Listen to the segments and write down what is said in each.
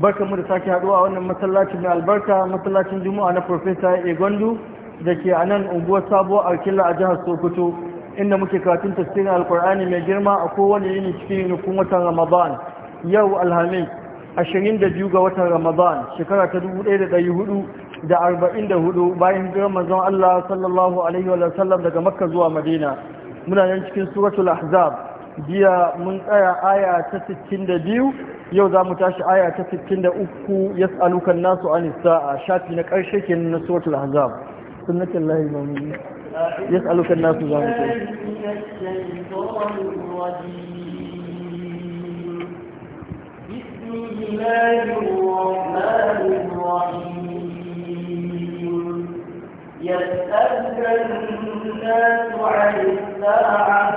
barkanmu da sake haduwa wannan masallacin mai albarka masallacin juma'a na profesa egondu da ke a nan unguwar sabuwar alkilla a jihar sokoto inda muke karatun tafsirin alkur'ani mai girma a kowane yini cikin yunifin watan ramadan yau alhamis ashirin da biyu ga watan ramadan shekara ta dubu ɗaya da ɗari hudu da arba'in da hudu bayan hijirar manzon allah sallallahu alaihi wa sallam daga makka zuwa madina muna nan cikin suratul ahzab jiya mun tsaya aya ta 62 yau za mu tashi aya ta 63 ya tsalukan nasu an isa a shafi na ƙarshe ke na hazab sun nake lahi ba mu ya tsalukan nasu za mu tashi بسم الناس عن الساعة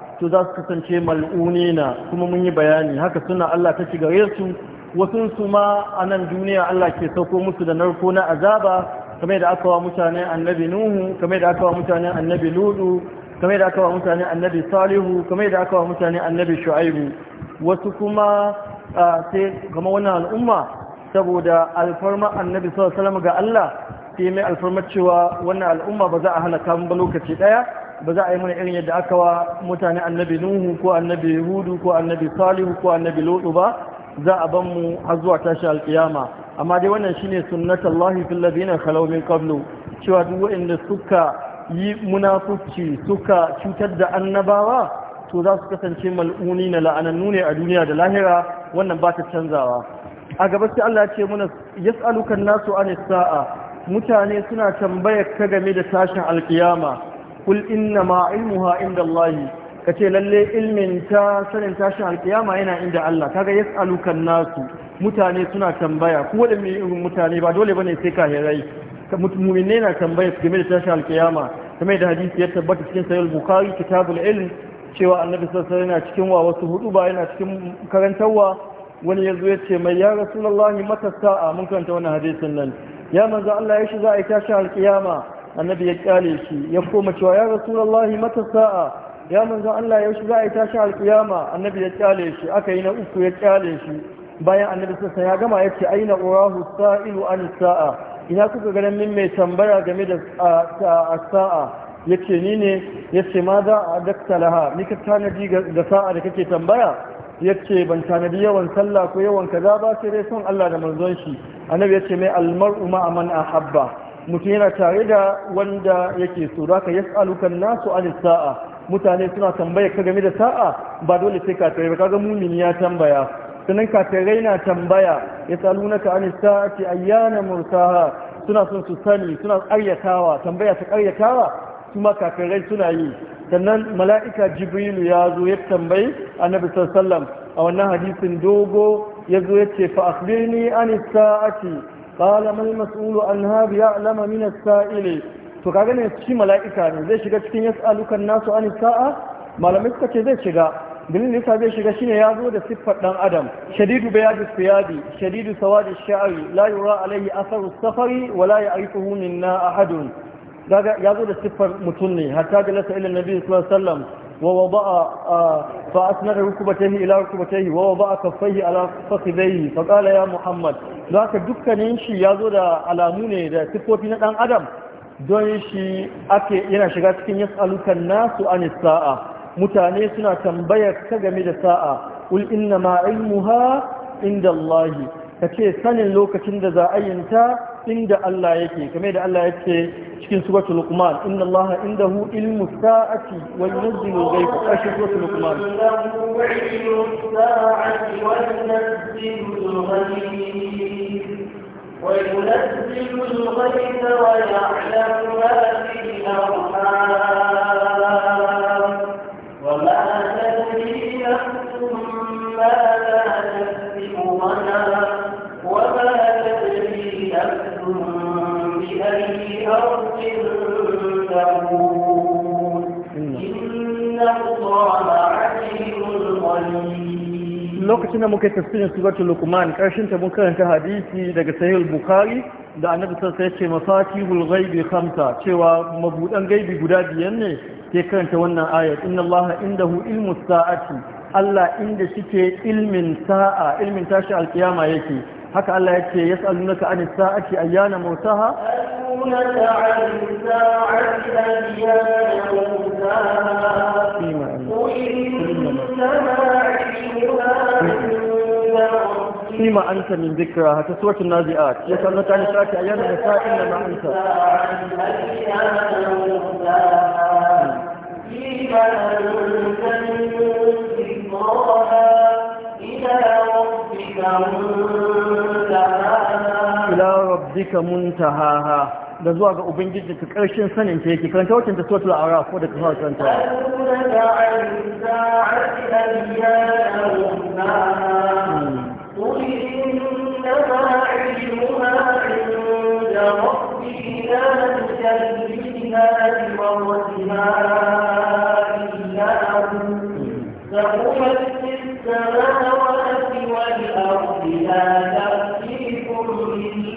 to za su kasance na kuma mun yi bayani haka suna Allah ta gare su wasu su ma a nan duniya Allah ke sauko musu da narko na azaba kamar da aka wa mutanen annabi nuhu kamar da aka wa mutanen annabi ludu kamar da aka wa mutanen annabi salihu kamar da aka wa mutanen annabi shu'aibu wasu kuma sai kama wannan al'umma saboda alfarma annabi sallallahu alaihi wasallam ga Allah sai mai alfarmar cewa wannan al'umma ba za a halaka mu ba lokaci daya ba za a yi mana irin yadda aka wa mutane annabi nuhu ko annabi hudu ko annabi salihu ko annabi lodu ba za a ban mu har zuwa tashi alkiyama amma dai wannan shine sunnatullahi fil ladina khalaw min qablu cewa duk wanda suka yi munafuci suka cutar da annabawa to za su kasance mal'uni na la'anannu ne a duniya da lahira wannan ba ta canzawa a gaba sai Allah ya ce mana yas'alukan nasu an sa'a mutane suna tambayar ka game da tashin alkiyama kul inna ma ilmuha inda Allah kace lalle ilmin ta sanin tashin alkiyama yana inda Allah kaga yasalukan nasu mutane suna tambaya ko da mai mutane ba dole bane sai ka kahirai mu'minai na tambaya game da tashin alkiyama kamar da hadisi ya tabbata cikin sahih al-bukhari kitabul ilm cewa annabi sallallahu alaihi yana cikin wa wasu hudu ba yana cikin karantarwa wani yazo ya ce mai ya rasulullahi mata sa'a mun karanta wannan hadisin nan ya manzo Allah ya shi za a yi tashin alkiyama annabi ya kyale shi ya koma cewa ya rasulullahi mata sa'a ya manzon Allah ya za a tashi alƙiyama annabi ya kyale shi aka yi na uku ya kyale shi bayan annabi sassa ya gama ya ce aina urahu sa'ilu an sa'a ina kuka ganin min mai tambaya game da sa'a ya ce ni ne ya ce ma za a dakta laha ni ka tanadi ga sa'a da kake tambaya yace ce ban tanadi yawan sallah ko yawan kaza ba sai dai son Allah da manzon shi annabi yace ce mai almar'u ma man habba. mutum yana tare da wanda yake so da ka yas'alukan nasu an sa'a mutane suna tambaya ka game da sa'a ba dole sai ka tare ba kaga mumin ya tambaya sannan ka tare na tambaya ya yas'alunaka an sa'ati ayyana murtaha. suna son su sani suna karyatawa tambaya ta karyatawa kuma kafirai suna yi sannan mala'ika jibrilu ya zo ya tambayi annabi sallallahu alaihi wasallam a wannan hadisin dogo ya zo ya ce fa akhbirni an sa'ati qala mal mas'ulu anha bi ya'lama min as to kaga ne shi mala'ika ne zai shiga cikin yas'alukan nasu an sa'a malamai suka ce zai shiga dalilin yasa zai shiga shine ya zo da siffar dan adam shadidu bayadu siyadi shadidu sawadi sha'ri la yura alayhi atharu safari wa la ya'rifuhu minna ahadun kaga ya zo da siffar mutum ne hatta jalasa ila nabi sallallahu alaihi wasallam ووضع فأسند ركبتيه إلى ركبتيه ووضع كفيه على فخذيه فقال يا محمد ذاك دكانين شي يازو دا علامونه دا صفوتي na ɗan adam don shi ake yana shiga cikin yas'alukan nasu an sa'a mutane suna tambayar ta game da sa'a ul inna ma ilmuha kace sanin lokacin da za a inda Allah yake kame da Allah yake cikin suratul luqman inna Allah indahu ilmu sa'ati wa yunzilu ghaiba kashi suratul luqman وما تدري نفس وما lokacin da muka yi tafsirin suratul lukman karshen ta mun karanta hadisi daga sahih bukhari da annabi sallallahu alaihi wasallam ya ce mafatihul ghaibi khamsa cewa mabudan gaibi guda biyan ne ke karanta wannan ayat inna allaha indahu ilmus sa'ati Allah inda shike ilmin sa'a ilmin tashi alkiyama yake حكى الله يكي يسألونك عن الساعة أيان موتها أسألونك عن الساعة أيان موتها فيما أنت فيما أنت من ذكرها كسوة النازئات يسألونك عن الساعة أيان موتها إنما أنت فيما أنت من إلى ربك rabbika muntahaha da zuwa ga ubangiji ka karshen sanin ta yake karanta wacin ta suratul araf ko da ka fara karanta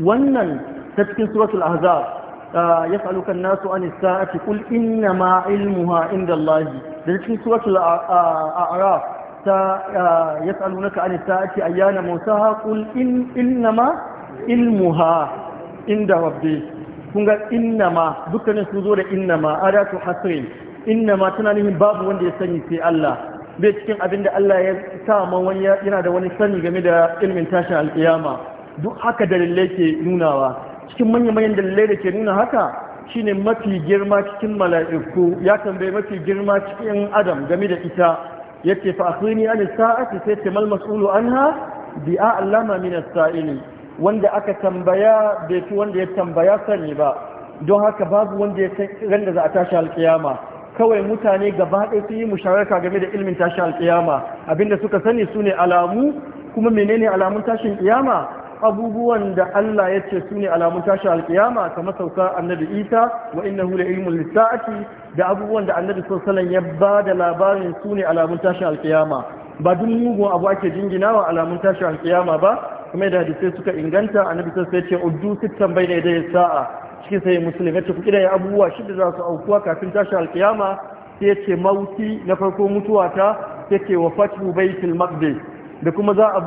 wannan ta cikin suratul ahzab ah, yas'aluka an-nasu an nasu an as a qul inna ma ilmuha inda Allahi. da cikin suratul a'raf ta ah, yas'alunaka an as-sa'ati ayyana musaha qul inna ma inda rabbi kun ga inna ma dukkanin su zo da inna ma adatu hasrin inna ma tana nihin babu wanda ya sani sai Allah bai cikin abin da Allah ya sa ma wani yana da wani sani game da ilmin tashin al'iyama. duk haka dalilai ke nunawa cikin manya-manyan dalilai da ke nuna haka shine mafi girma cikin mala'iku ya tambaye mafi girma cikin adam game da ita ce fa akhbirni an sa'ati sai ce mal mas'ulu anha bi a'lama min as wanda aka tambaya bai fi wanda ya tambaya sani ba don haka babu wanda ya san randa za a tashi alkiyama kawai mutane gaba ɗaya sun yi musharaka game da ilmin tashi alkiyama abinda suka sani sune alamu kuma menene alamun tashin kiyama abubuwan da Allah ya ce su ne alamun tashi alkiyama kamar sauka annabi isa wa inna hula ilmin lissa'ati da abubuwan da annabi sosalan ya ba da labarin su ne alamun tashi alƙiyama. ba duk mugun abu ake jingina wa alamun tashi alkiyama ba kuma da hadisai suka inganta annabi sosalan sai ce uddu sittan bai da sa'a cikin sai musulmi ya ce kuɗi da abubuwa shida za su aukuwa kafin tashi alkiyama sai ce mauti na farko mutuwa ta sai ce wa fatu baitul maqdis da kuma za a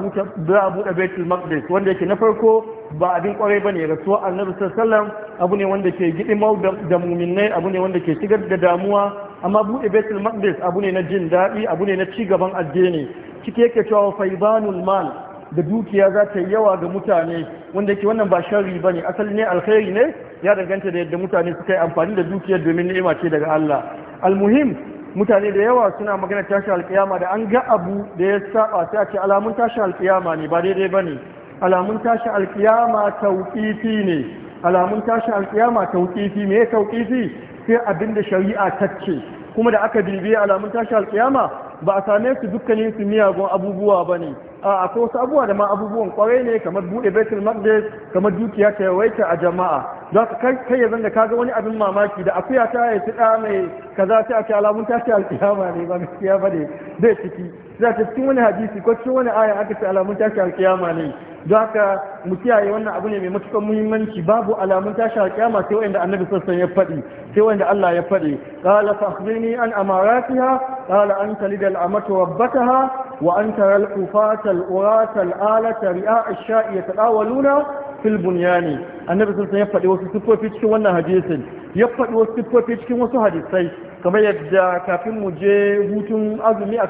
buɗe baitul maqdis wanda yake na farko ba abin kwarai bane rasuwa annabi sallallahu abu ne wanda ke gidimau da muminai abu ne wanda ke shigar da damuwa amma buɗe baitul maqdis abu ne na jin daɗi abu ne na ci gaban addini cike yake cewa faibanul mal da dukiya za ta yi yawa ga mutane wanda yake wannan ba sharri bane asali ne alkhairi ne ya danganta da yadda mutane suka yi amfani da dukiyar domin ni'ima ce daga Allah almuhim mutane da yawa suna magana tashi alkiyama da an ga abu da ya saba sai a ce alamun tashin alkiyama ne ba daidai ba ne. alamun tashin alkiyama tauqifi ne alamun tashin alkiyama tauqifi me tauqifi sai abinda shari'a ta ce kuma da aka bibiye alamun tashi alkiyama ba a same su dukkanin su miyagun abubuwa ba ne. a akwai wasu abubuwa da ma abubuwan kwarai ne kamar bude baitul maqdis kamar dukiya ta yawaita a jama'a za ka kai kai yanzu da kaga wani abin mamaki da akuya ta yi tsada mai kaza sai a ce alamun ta ce alkiyama ne ba gaskiya bane dai ciki za ta cikin wani hadisi ko cikin wani aya aka ce alamun tashi alkiyama ne don haka mu kiyaye wannan abu ne mai matukar muhimmanci babu alamun tashi alkiyama sai wanda annabi sassan ya faɗi sai wanda Allah ya faɗi qala fa akhbirni an amaratiha qala an talida al'amatu rabbataha wa an tara al-qufata al-urata al-alata ri'a ash-sha'i yatadawaluna fil bunyani annabi sassan ya faɗi wasu sifofi cikin wannan hadisin ya faɗi wasu sifofi cikin wasu hadisai kamar yadda kafin mu je hutun azumi a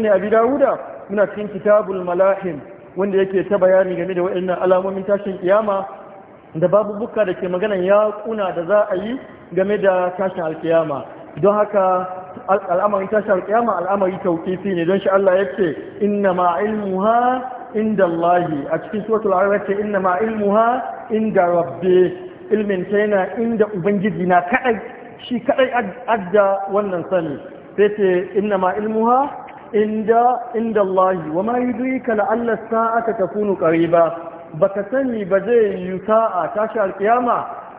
ne a ne, dawuda muna cikin kitabul malahim wanda yake ta bayani game da waɗannan alamomin tashin kiyama da babu buka da ke magana ya kuna da za a yi game da tashin alkiyama don haka al'amarin tashin alkiyama al'amari tauƙifi ne don shi Allah ya ce inna ma ilmuha inda Allahi a cikin suratul arab ce inna ma ilmuha inda rabbi ilmin ta yana inda ubangiji na kaɗai shi kadai adda wannan sani sai ce inna ma ilmuha inda inda Allah wa ma yudrika la alla sa'ata takunu qariba baka sani ba zai yi sa'a ta shi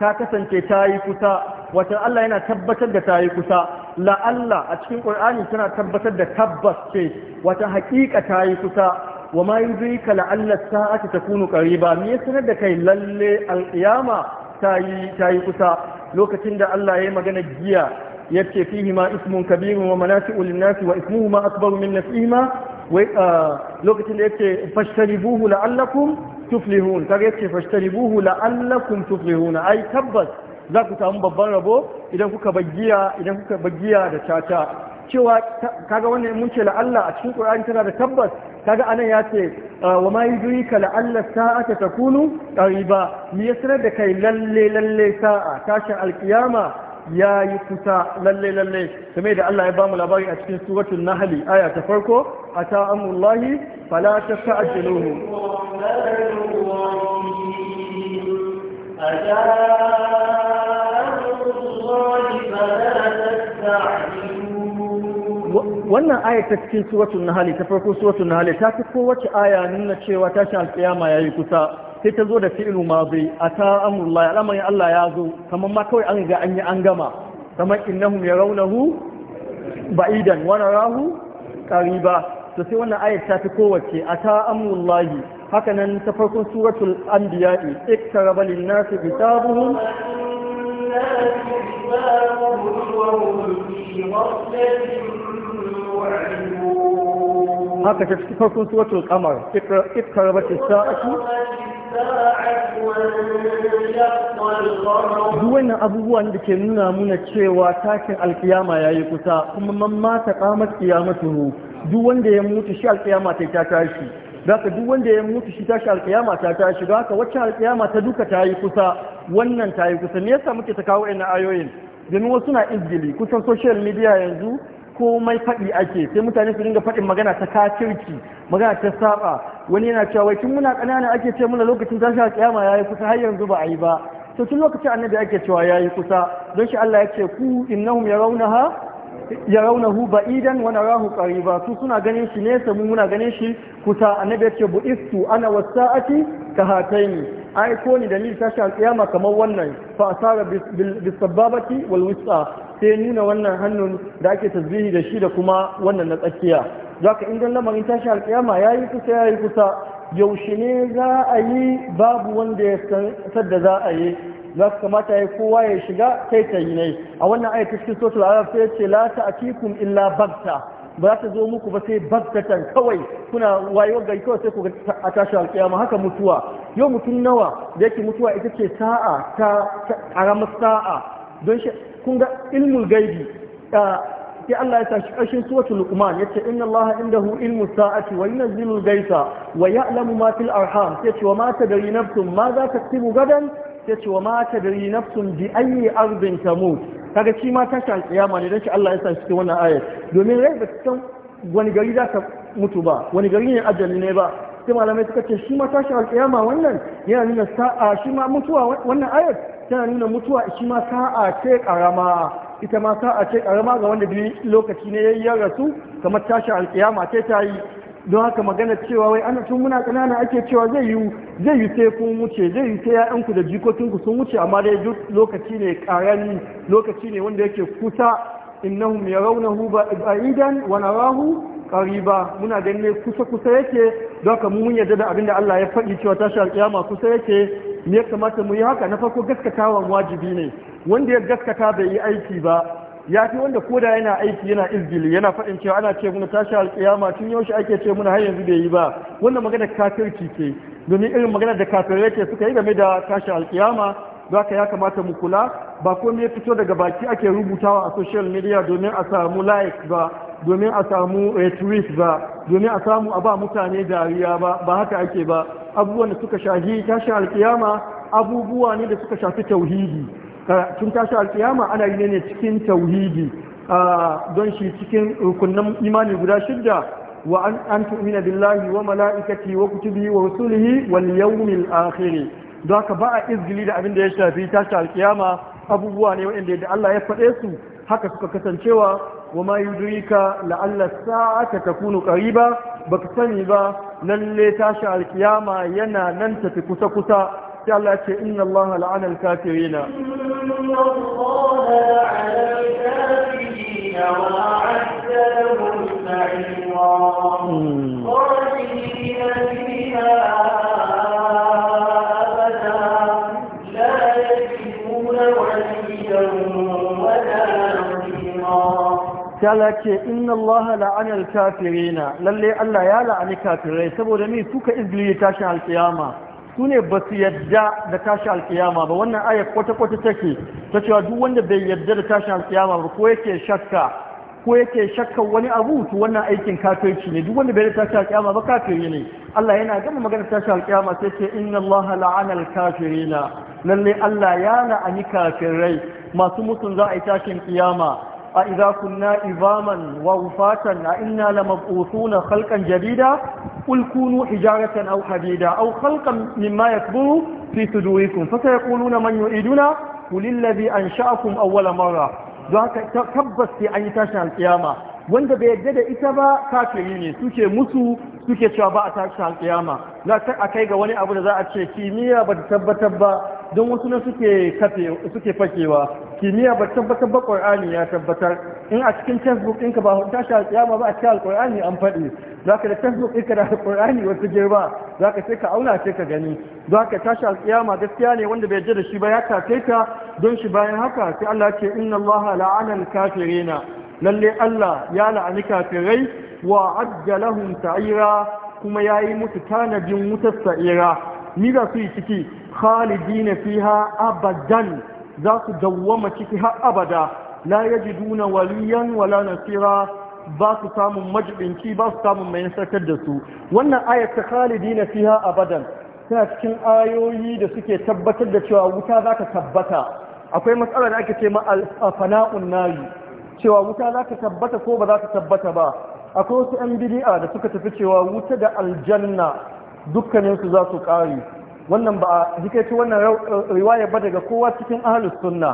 ta kasance ta yi kusa wata Allah yana tabbatar da ta yi kusa la a cikin Qur'ani tana tabbatar da tabbas ce wata haƙiƙa ta yi kusa wa ma yudrika la alla sa'ata takunu qariba me sanar da kai lalle alƙiyama ta yi ta yi kusa lokacin da Allah ya yi magana giya ya ce fihi ma ismun kabirun wa manafi'u lin-nasi wa ma akbaru min naf'ihima wai lokacin da fashtari buhu la'allakum tuflihun kaga fashtari buhu la'allakum tuflihun ai tabbas za ku samu babban rabo idan kuka bagiya idan kuka bagiya da caca cewa kaga wannan mun ce la'alla a cikin Qur'ani tana da tabbas kaga anan ya ce ah, wa ma yudrika la'alla sa'ata takunu qariba me ya sanar da kai lalle lalle sa'a tashin alkiyama ya yi kusa lalle lalle game da Allah ya bamu labari a cikin suratul nahli aya ta farko ta amullahi fala tasta'jiluhu أتى أمر الله فلا تستعجلوه wannan aya ta cikin suratul nahl ta farko suratul nahl ta fi kowace aya nuna cewa tashin alqiyama yayi kusa sai ta zo da fi'lu madi ata amrullahi al'amarin Allah ya zo kamar ma kawai an ga an yi an gama kamar innahum yarawnahu ba'idan wa narahu qariba to sai wannan ayat ta fi kowace ata amrullahi haka nan ta farkon suratul anbiya iktaraba lin-nasi kitabuhum الناس حسابهم haka ta cikin farkon suratul qamar ikra bati sa'atu duk wannan abubuwan da ke nuna muna cewa takin alkiyama ya yi kusa kuma man ta kamar kiyamatu duk wanda ya mutu shi alkiyama ta ta tashi zaka duk wanda ya mutu shi tashi alkiyama ta tashi ka wacce alkiyama ta duka ta yi kusa wannan ta yi kusa me yasa muke ta kawo ina ayoyin domin wasu na izgili kusan social media yanzu komai faɗi ake sai mutane su dinga faɗin magana ta kafirci magana ta saba wani yana cewa wai tun muna ƙanana ake ce muna lokacin tashi a kiyama yayi kusa har yanzu ba a yi ba to tun lokacin annabi ake cewa ya yi kusa don shi Allah ya ce ku innahum ya yarawnaha yarawnahu ba'idan wa narahu qariba su suna ganin shi ne samun muna ganin shi kusa annabi ya ce bu'istu ana wasa'ati ka hataini ai ko ni da ni tashi alƙiyama kamar wannan fa asara bis sababati wal sai nuna wannan hannun da ake tasbihi da shi da kuma wannan na tsakiya zaka indan lamarin tashi alƙiyama yayi kusa yayi kusa yaushe ne za a yi babu wanda ya san sadda za a yi za su kamata ya kowa ya shiga sai ta yi nai. a wannan ayat cikin sotul arab sai ce la ta'tikum illa bagta ba ta zo muku ba sai bagtatan kawai kuna wayo gari kawai sai ku ga a tashi alƙiyama haka mutuwa yau mutum nawa da yake mutuwa ita ce sa'a ta karamar sa'a don shi kun ga ilmul gaibi sai Allah ya tashi ƙarshen suratul Luqman yace inna Allah indahu ilmu sa'ati wa yunzilu al-gaisa wa ya'lamu ma fil arham sai ce wa ma rina nafsun ma za taktibu gadan sai ce wa ma yi nafsun bi ayyi ardin tamut kaga shi ma tashin kiyama ne dan shi Allah ya sa cikin wannan ayat domin rai ba san wani gari za ka mutu ba wani gari ne ajali ne ba sai malamai suka ce shi ma tashin alkiyama wannan yana nuna sa'a shi ma mutuwa wannan ayat tana nuna mutuwa shi ma sa'a ce karama ita ma sa'a ce karama ga wanda biyu lokaci ne ya rasu kamar tashi alkiyama ce ta yi don haka magana cewa wai ana tun muna kanana ake cewa zai yi zai yi sai kun wuce zai yi sai ya'yanku da jikokinku sun wuce amma dai duk lokaci ne karani lokaci ne wanda yake kusa innahum yarawnahu ba'idan wa narahu qariba muna ganin kusa kusa yake don haka mun yarda da abinda Allah ya faɗi cewa tashi alƙiyama kusa yake me ya kamata mu yi haka na farko gaskatawa wajibi ne wanda ya gaskata bai yi aiki ba ya fi wanda koda yana aiki yana izgili yana faɗin cewa ana ce muna tashi alƙiyama tun yaushe ake ce muna har yanzu bai yi ba wannan magana kafirci ce domin irin magana da kafirai ke suka yi game da tashi alƙiyama za ka ya kamata mu kula ba komai fito daga baki ake rubutawa a social media domin a samu like ba domin a samu retweet eh, ba domin a samu a ba mutane dariya ba ba haka ake ba abubuwan da suka shahi tashi alƙiyama abubuwa ne da suka shafi tauhidi tun tashi alkiyama ana yi ne cikin tauhidi don shi cikin rukunan imani guda shidda wa an an tu'mina billahi wa mala'ikati wa kutubi wa rusulihi wal yawmil akhir don haka ba a izgili da abin da ya shafi tashi alkiyama abubuwa ne waɗanda da Allah ya faɗe su haka suka kasancewa wa ma yudrika la'alla sa'ata takunu qariba baka sani ba lalle tashi alkiyama yana nan tafi kusa kusa قال إن الله لعن الكافرين إن الله لعن الكافرين وأعد لهم سعيرا خالدين فيها لا يجدون وليا ولا قال إن الله لعن الكافرين للي ألا يا لعن الكافرين سبو دمي فوك إذ تاشا القيامة su ne ba su yadda da tashi alkiyama ba wannan ayar kwata-kwata take ta cewa duk wanda bai yadda da tashi alkiyama ba ko yake shakka ko yake shakka wani abu to wannan aikin kafirci ne duk wanda bai yadda tashi alkiyama ba kafiri ne Allah yana gama magana tashi alkiyama sai ce inna Allah la'ana al-kafirina lalle Allah ya la'ani kafirai masu musun za a yi tashin kiyama a idza kunna izaman wa rufatan a inna lamab'uthuna khalqan jadida qul kunu hijaratan aw hadida aw khalqan mimma yakburu fi sudurikum fa sayaquluna man yu'iduna kulillabi alladhi ansha'akum awwala marra zaka tabbas sai an yi tashin alkiyama wanda bai yadda da ita ba kafiri ne suke musu suke cewa ba a tashin alkiyama za a kai ga wani abu da za a ce kimiyya ba ta tabbatar ba don wasu na suke fakewa kimiyya ba tabbatar ba qur'ani ya tabbatar in a cikin facebook ɗinka ba ba a cikin alqur'ani an faɗi zaka da facebook ɗinka da alqur'ani wasu girma zaka sai ka auna sai ka gani zaka tashi alƙiyama gaskiya ne wanda bai ji da shi ba ya tafe ta don shi bayan haka sai Allah ce inna Allah la'ana al lalle Allah ya la'ani kafirai wa adda lahum ta'ira kuma yayi musu tanadin wutar sa'ira ni za su yi ciki khalidina fiha abadan za su dawwama ciki har abada la yajiduna waliyan wala nasira ba su samun majibinci ba su samun mai nasarkar da su wannan ayat ta khalidina fiha abadan tana cikin ayoyi da suke tabbatar da cewa wuta za ka tabbata akwai matsala da ake ce ma alfana'un nayi cewa wuta za ka tabbata ko ba za ka tabbata ba akwai wasu 'yan bidi'a da suka tafi cewa wuta da aljanna dukkaninsu za su ƙare wannan ba a jikaici wannan riwaya ba daga kowa cikin ahalus sunna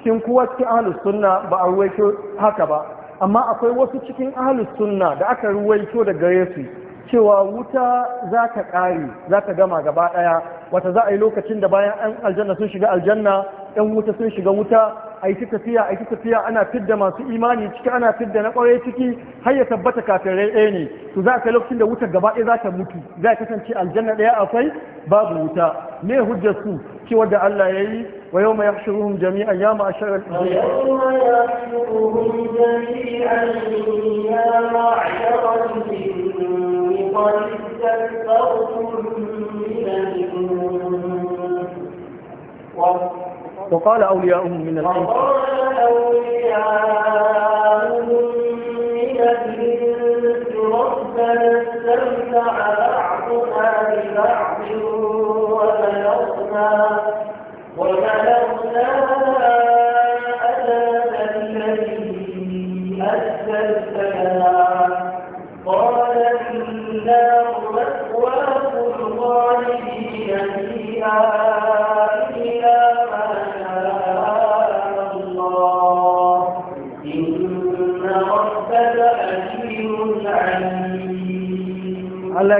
cikin kowa cikin ahalus sunna ba a ruwaito haka ba amma akwai wasu cikin ahalus sunna da aka ruwaito da gare su cewa wuta za ta ƙare za ta gama gaba ɗaya wata za a yi lokacin da bayan an aljanna sun shiga aljanna yan wuta sun shiga wuta ai yi tafiya ai yi tafiya ana fidda masu imani ciki ana fidda na kwarai ciki har ya tabbata kafin rai ɗaya ne to za ka lokacin da wuta gaba ɗaya za ta mutu za kasance aljanna ɗaya akwai babu wuta me hujjar su ki wanda Allah ya yi wa yau mai yashiruhum jami'an ya ma'ashar al-jami'a وقال أولياؤهم من الإنس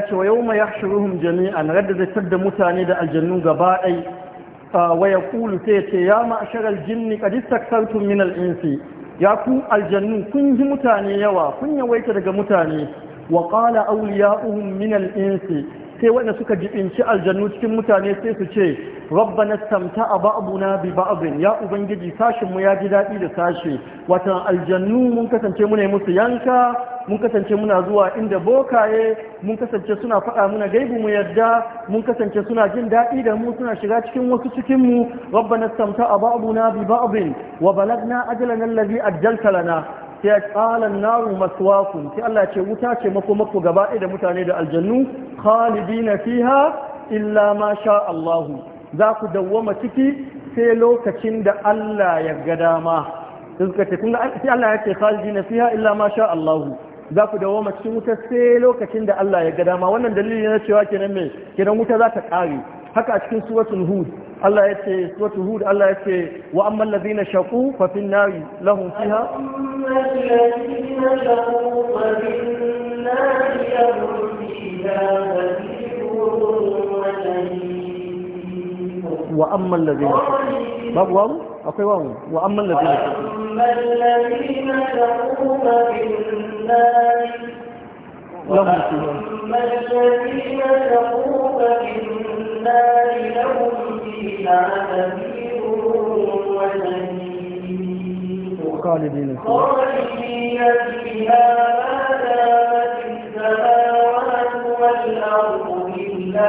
ce wa yau mai yashuruhum na radda zai da mutane da aljannu gaba ɗai wa ya kulu sai ya ce ya ma'asharar jinni qad istakthartum min al-insi ya ku aljannu kun ji mutane yawa kun yawaita daga mutane wa qala ya min al-insi sai wanda suka jibinci aljannu cikin mutane sai su ce rabbana a ba'duna bi ba'din ya ubangiji sashinmu mu ya ji daɗi da sashi watan aljannu mun kasance mu ne musu yanka mun kasance muna zuwa inda bokaye mun kasance suna faɗa muna gaibu mu yadda mun kasance suna jin daɗi da mu suna shiga cikin wasu cikin mu rabbana samta'a na bi ba'din wa balagna na allazi ajjalta lana sai qalan naru maswakum sai Allah ce wuta ce makomakku gaba ɗaya da mutane da aljannu khalidina fiha illa ma sha Allah za ku dawwama ciki sai lokacin da Allah ya ga dama sai Allah ya ce khalidina fiha illa ma sha Allah za ku dawoma cikin wuta sai lokacin da Allah ya ga dama wannan dalili na cewa kenan me kenan wuta za ta kare haka a cikin suratul hud Allah ya ce suratul hud Allah ya ce wa ammal ladina shaqu fa fin nari lahum fiha wa ammal ladina shaqu babu akwai wawu wa ammal ladina shaqu فأما الذين النار الذين النار لهم خالدين فيها ما دامت السماوات والأرض إلا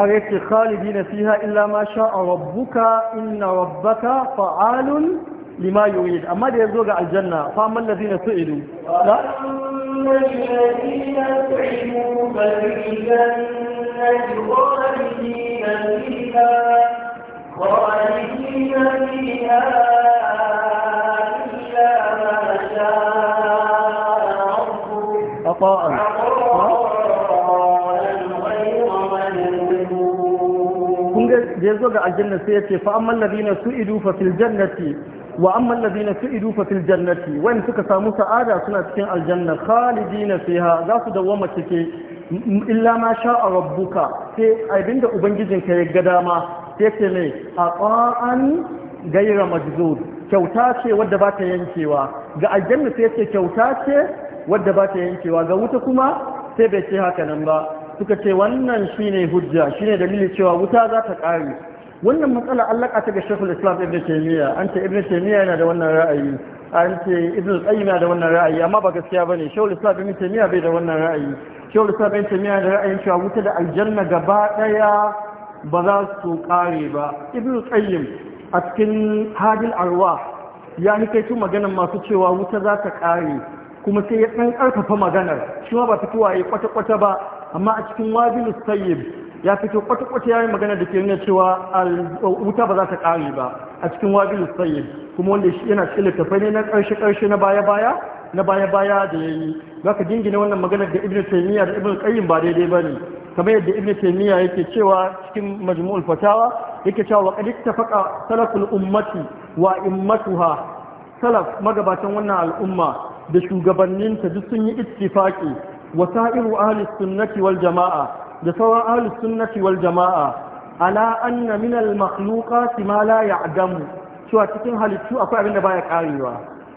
هريك خالدين فيها إلا ما شاء ربك إن ربك فعال لما يريد أما دي يزوغ الجنة فاما الذين سئلوا لا الذين سئلوا فالجنة خالدين فيها خالدين فيها إلا ما شاء ربك أطاعا da ya zo ga aljanna sai ya ce fa amma alladhina su'idu fa fil jannati wa amma alladhina su'idu fa fil jannati wa suka samu sa'ada suna cikin aljanna khalidina fiha za su dawwama cike illa ma sha'a rabbuka sai abinda ubangijinka ya ga dama sai ce a qa'an gaira majzud kyauta ce wadda ba ta yankewa ga aljanna sai ya ce kyauta ce wadda ba ta yankewa ga wuta kuma sai bai ce haka nan ba suka ce wannan shine hujja shine dalili cewa wuta za ta ƙari wannan matsala allaka ta ga shekul islam ibn taymiya an ce ibn taymiya yana da wannan ra'ayi an ce ibn qayyim yana da wannan ra'ayi amma ba gaskiya bane shekul islam ibn taymiya bai da wannan ra'ayi shekul islam ibn taymiya da ra'ayin cewa wuta da aljanna gaba daya ba za su ƙare ba ibn qayyim a cikin hadil arwa ya hikaitu maganar masu cewa wuta za ta ƙare kuma sai ya ɗan ƙarfafa maganar shi ma ba fitowa ya kwata-kwata ba amma a cikin wabilus sayyib ya fito kwata-kwata ya yi magana da ke nuna cewa wuta ba za ta kare ba a cikin wabilus sayyib kuma wanda yana cikin littafai ne na karshe-karshe na baya-baya na baya-baya da yayi za ka dingina wannan magana da ibn taymiya da ibnu qayyim ba daidai ne kamar yadda ibnu taymiya yake cewa cikin majmu'ul fatawa yake cewa wa qad ittafaqa salaful ummati wa immatuha salaf magabatan wannan al'umma da shugabanninta duk sun yi ittifaki wa sa'iru ahli sunnati wal jama'a da sauran ahli sunnati wal jama'a ala anna min al makhluqati ma la ya'damu cewa cikin halittu akwai abin da baya karewa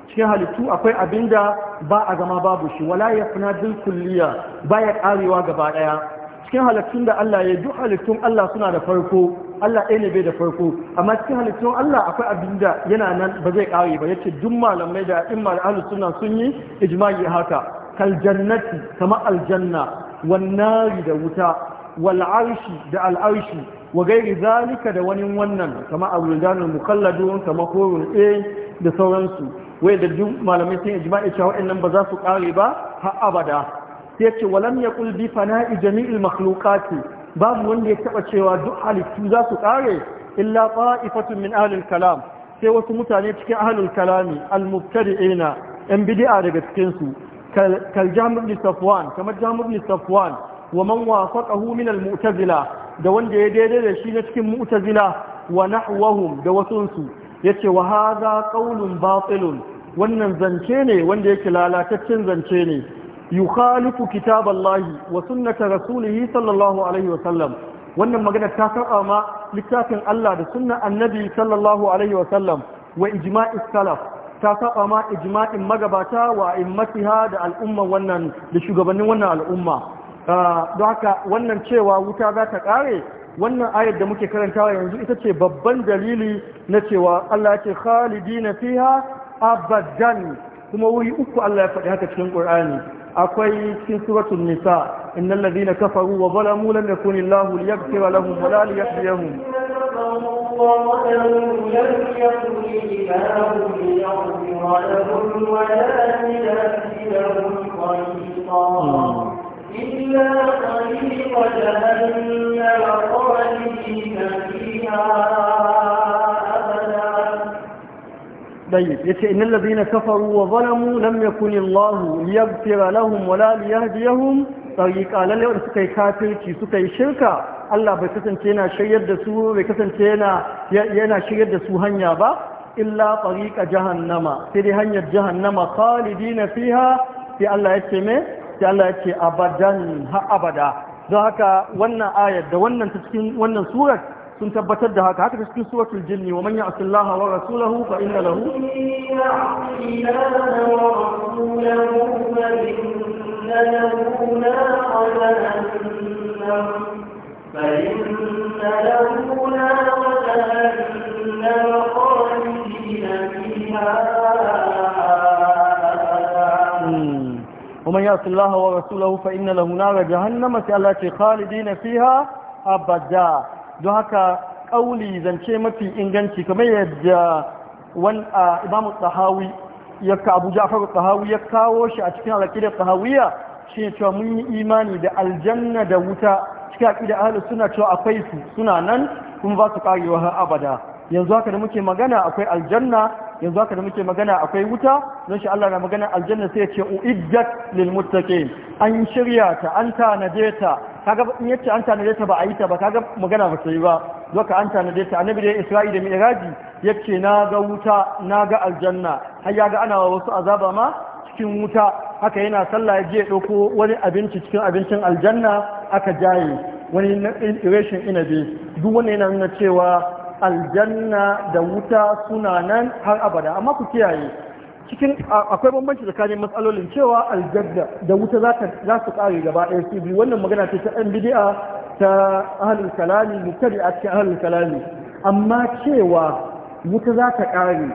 cikin halittu akwai abin da ba a zama babu shi wala yafna bil kulliya baya karewa gaba daya cikin halittun da Allah ya duk halittun Allah suna da farko Allah ɗaya ne bai da farko amma cikin halittun Allah akwai abin da yana nan ba zai kare ba yace duk malamai da imma da ahlus sunna sun yi ijma'i haka kaljannati kama aljanna wan da wuta wal'arshi da al'arshi arshi wa gairi zalika da wani wannan kama abuldanul mukalladun kama horun e da sauransu wai da duk malamai sun ijma'i cewa wa'annan ba za su kare ba ha abada sai ce walam yaqul bi fana'i jami'il makhluqati babu wanda ya taba cewa duk halittu za su kare illa ta'ifatun min ahlil kalam sai wasu mutane cikin ahlul kalami al-mubtadi'ina yan bid'a daga cikin su كالجهم بن صفوان كما جهم بن صفوان ومن وافقه من المعتزلة ده وند يديده ده شي cikin mu'tazila wa nahwahum da wasunsu ya ce wahaza qawlun batilun wannan zance ne wanda yake lalataccen zance ne yukhalifu kitaballahi wa sunnata rasulihi sallallahu wannan maganar ta saba ma littafin Allah da sunnar annabi sallallahu wa sallam wa salaf ta saba ma ijma'in magabata wa immatiha da al'umma wannan da shugabannin wannan al'umma ah, don haka wannan cewa wuta za ta kare wannan ayar da muke karantawa yanzu ita ce babban dalili na cewa Allah ya ce khalidina fiha abadan kuma wuri uku Allah ya faɗi haka cikin Qur'ani akwai cikin suratul nisa innal ladina kafaru wa zalamu lam yakun illahu liyaghfira lahum wa la لم يكن لهم ولا يهدي لهم طريقا إلا طريق جهنم فيها طيب إن الذين كفروا وظلموا لم يكن الله ليغفر لهم ولا ليهديهم tsarika lalle wanda suka yi kafirci suka yi shirka Allah bai kasance yana shiryar da su bai kasance yana shiryar da su hanya ba illa tsarika jahannama sai dai hanyar jahannama khalidina fiha sai Allah ya ce me sai Allah ya ce abadan ha abada don haka wannan ayar da wannan cikin wannan surar sun tabbatar da haka haka cikin suratul jinni wa man ya'si Allah wa rasulahu fa inna lahu ومن يعص الله ورسوله فإن له نار جهنم التي خالدين فيها أبدا don haka ƙauli zance mafi inganci kamar yadda wani imamu tsahawi ya ka abu ja'far tsahawi ya kawo shi a cikin alaƙidar tsahawiyya shi ne cewa mun yi imani da aljanna da wuta cikin alaƙidar ahalar suna cewa akwai su suna nan kuma ba su karewa har abada yanzu haka da muke magana akwai aljanna yanzu haka da muke magana akwai wuta don shi Allah na magana aljanna sai ya ce uiddat lil muttaqin an shirya ta an tanade ta kaga in yace an tanade ta ba a yi ta ba kaga magana ba ta ba doka an tanade ta annabi da Isra'ila da Mi'raji yace na ga wuta na ga aljanna har ya ga ana wasu azaba ma cikin wuta haka yana sallah ya je dauko wani abinci cikin abincin aljanna aka jaye wani reshen inabi duk wannan yana nuna cewa aljanna da wuta suna nan har abada amma ku kiyaye cikin akwai bambanci tsakanin matsalolin cewa aljanna da wuta za su kare gaba ɗaya su wannan magana ce ta ɗan bidi'a ta ahlul kalami mutari a cikin ahlul kalami amma cewa wuta za ta kare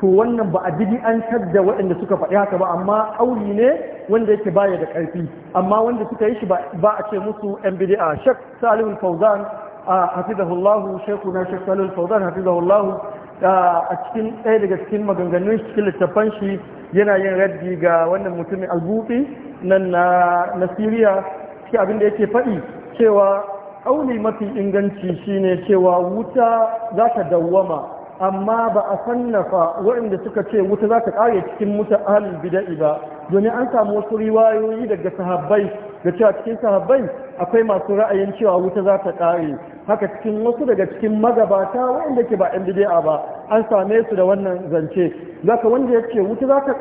to wannan ba a bidi'antar da waɗanda suka faɗi haka ba amma auri ne wanda yake baya da ƙarfi amma wanda suka yi shi ba a ce musu ɗan bidi'a shak salihul fauzan hafizahu Allah shekuna shek Salil Fauzan hafizahu Allah a cikin ɗaya daga cikin maganganun cikin littafan shi yana yin raddi ga wannan mutumin albufi nan na Siriya shi abin da yake faɗi cewa auli mafi inganci shine cewa wuta za ta dawwama amma ba a sannafa waɗanda suka ce wuta za ta ƙare cikin muta ahalin bida'i ba domin an samu wasu riwayoyi daga sahabbai da cewa cikin sahabbai akwai masu ra'ayin cewa wuta za ta ƙare haka cikin wasu daga cikin magabata wanda ke ba yan bid'a ba an same su da wannan zance zaka wanda yake wuta zaka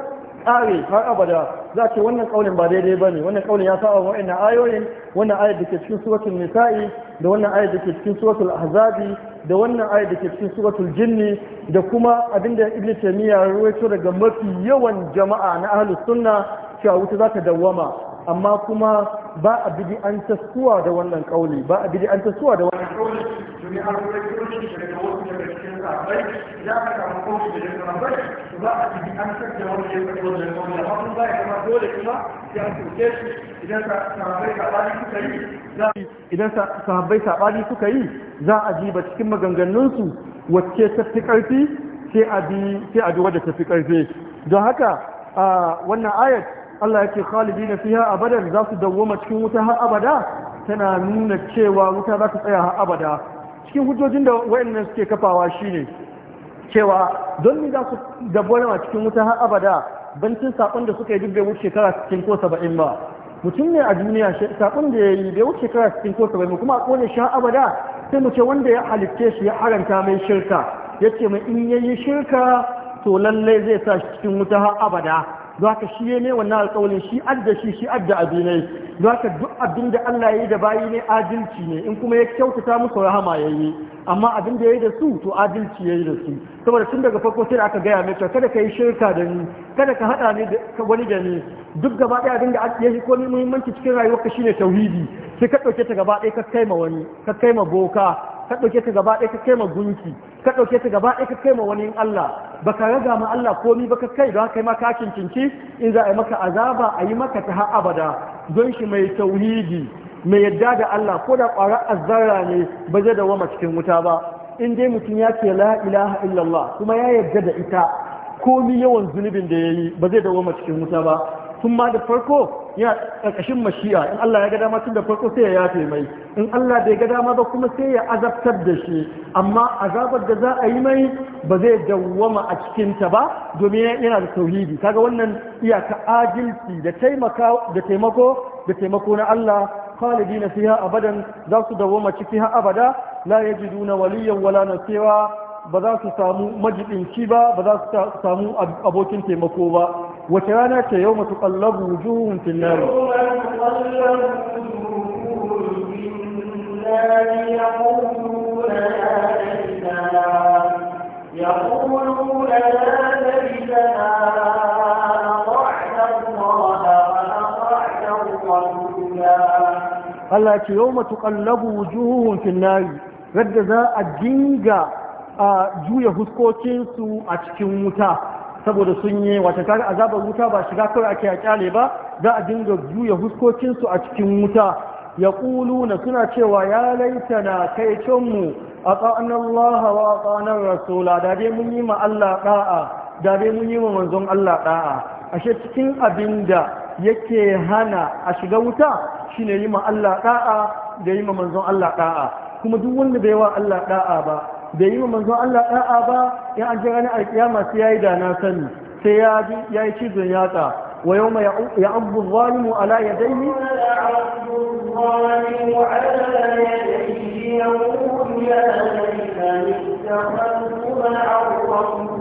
kare har abada za ce wannan kaulin ba daidai ba ne wannan kaulin ya saba ina ayoyin wannan ayar da ke cikin suratul nisa'i da wannan ayar da ke cikin suratul ahzabi da wannan ayar da ke cikin suratul jinni da kuma abinda ibnu taymiya ya rawaito daga mafi yawan jama'a na ahlus sunna cewa wuta za ta dawwama amma kuma ba a bidi an taskuwa da wannan kauli ba a bidi an taskuwa da wannan kauli domin an kuma kirki daga wasu daga cikin sahabbai ya ka samu kauli daga sahabbai ba a bidi an taskuwa wani ya faɗi wannan kauli amma kun ba ya zama dole kuma ya soke shi idan sahabbai sabani suka yi idan sahabbai sabani suka yi za a ji ba cikin maganganunsu wacce ta fi ƙarfi sai a bi wadda ta fi ƙarfi don haka wannan ayat Allah yake khalidina fiha abada za su dawwama cikin wuta har abada tana nuna cewa wuta za ta tsaya har abada cikin hujjojin da wayannan suke kafawa shine cewa don ni za su dawwama cikin wuta har abada cin sakon da suka yi duk bai wuce shekara 60 ko 70 ba mutum ne a duniya sakon da ya yi bai wuce shekara 60 ko 70 kuma a kone shi har abada sai mu ce wanda ya halitte shi ya haranta mai shirka yace mai in yayi shirka to lallai zai sa shi cikin wuta har abada don haka shi ne wannan alƙawarin shi adda shi shi adda abinai don haka duk abin da Allah ya yi da bayi ne adalci ne in kuma ya kyautata musu rahama ya yi amma abin da ya yi da su to adalci ya yi da su saboda tun daga farko sai aka gaya mai kada ka yi shirka da ni kada ka hada ni da wani da ni duk gaba ɗaya abin da ya yi komai muhimmanci cikin rayuwarka shine tauhidi sai ka ɗauke ta gaba ɗaya ka kai ma wani ka kai ma boka ka ɗauke ta gaba ɗaya ka kai ma gunki ka ɗauke ta gaba ɗaya ka kai ma wani Allah ba ka raga ma Allah komi ba ka kai don kai ma ka cincinci in za a yi maka azaba a yi maka ta har abada don shi mai tauhidi mai yadda da Allah ko da ƙwara azzara ne ba zai dawama cikin wuta ba in dai mutum ya ce la ilaha illallah kuma ya yadda da ita komi yawan zunubin da ya yi ba zai dawama cikin wuta ba ma da farko yana ƙarƙashin mashi'a in Allah ya ga dama tun da farko sai ya yafe mai in Allah bai ga dama ba kuma sai ya azabtar da shi amma azabar da za a yi mai ba zai dawama a cikin ta ba domin yana da tauhidi kaga wannan iyaka adalci da taimako da taimako na Allah خالدين فيها أبدا ذات دوما فيها أبدا لا يجدون وليا ولا نصيرا بذات سامو مجد شبا بذات سامو أبوتين تيمكوبا وترانا يوم تقلب وجوههم في النار يوم تقلب وجوههم في النار يقولون يا يقولون يا Allah ce yau matu ƙallabu wujuhun finnari yadda za a dinga a juya huskokinsu a cikin wuta saboda sun yi wata azabar wuta ba shiga kawai ake a kyale ba za a dinga juya huskokinsu a cikin wuta ya na suna cewa ya laita na kai canmu a tsa'an Allah wa tsa'anar rasula da dai mun yi ma Allah ɗa'a da dai mun yi ma manzon Allah ɗa'a ashe cikin abin da yake hana a shiga wuta shine yi ma Allah ɗa'a da yi ma manzon Allah da'a kuma duk wanda bai wa Allah da'a ba bai yi ma manzon Allah da'a ba in an jira ranar alkiyama sai yayi da na sani sai ya ya yi cizon yatsa wa yawma ya'abbu adh-dhalimu ala ala yadayhi yawma ya'lamu ma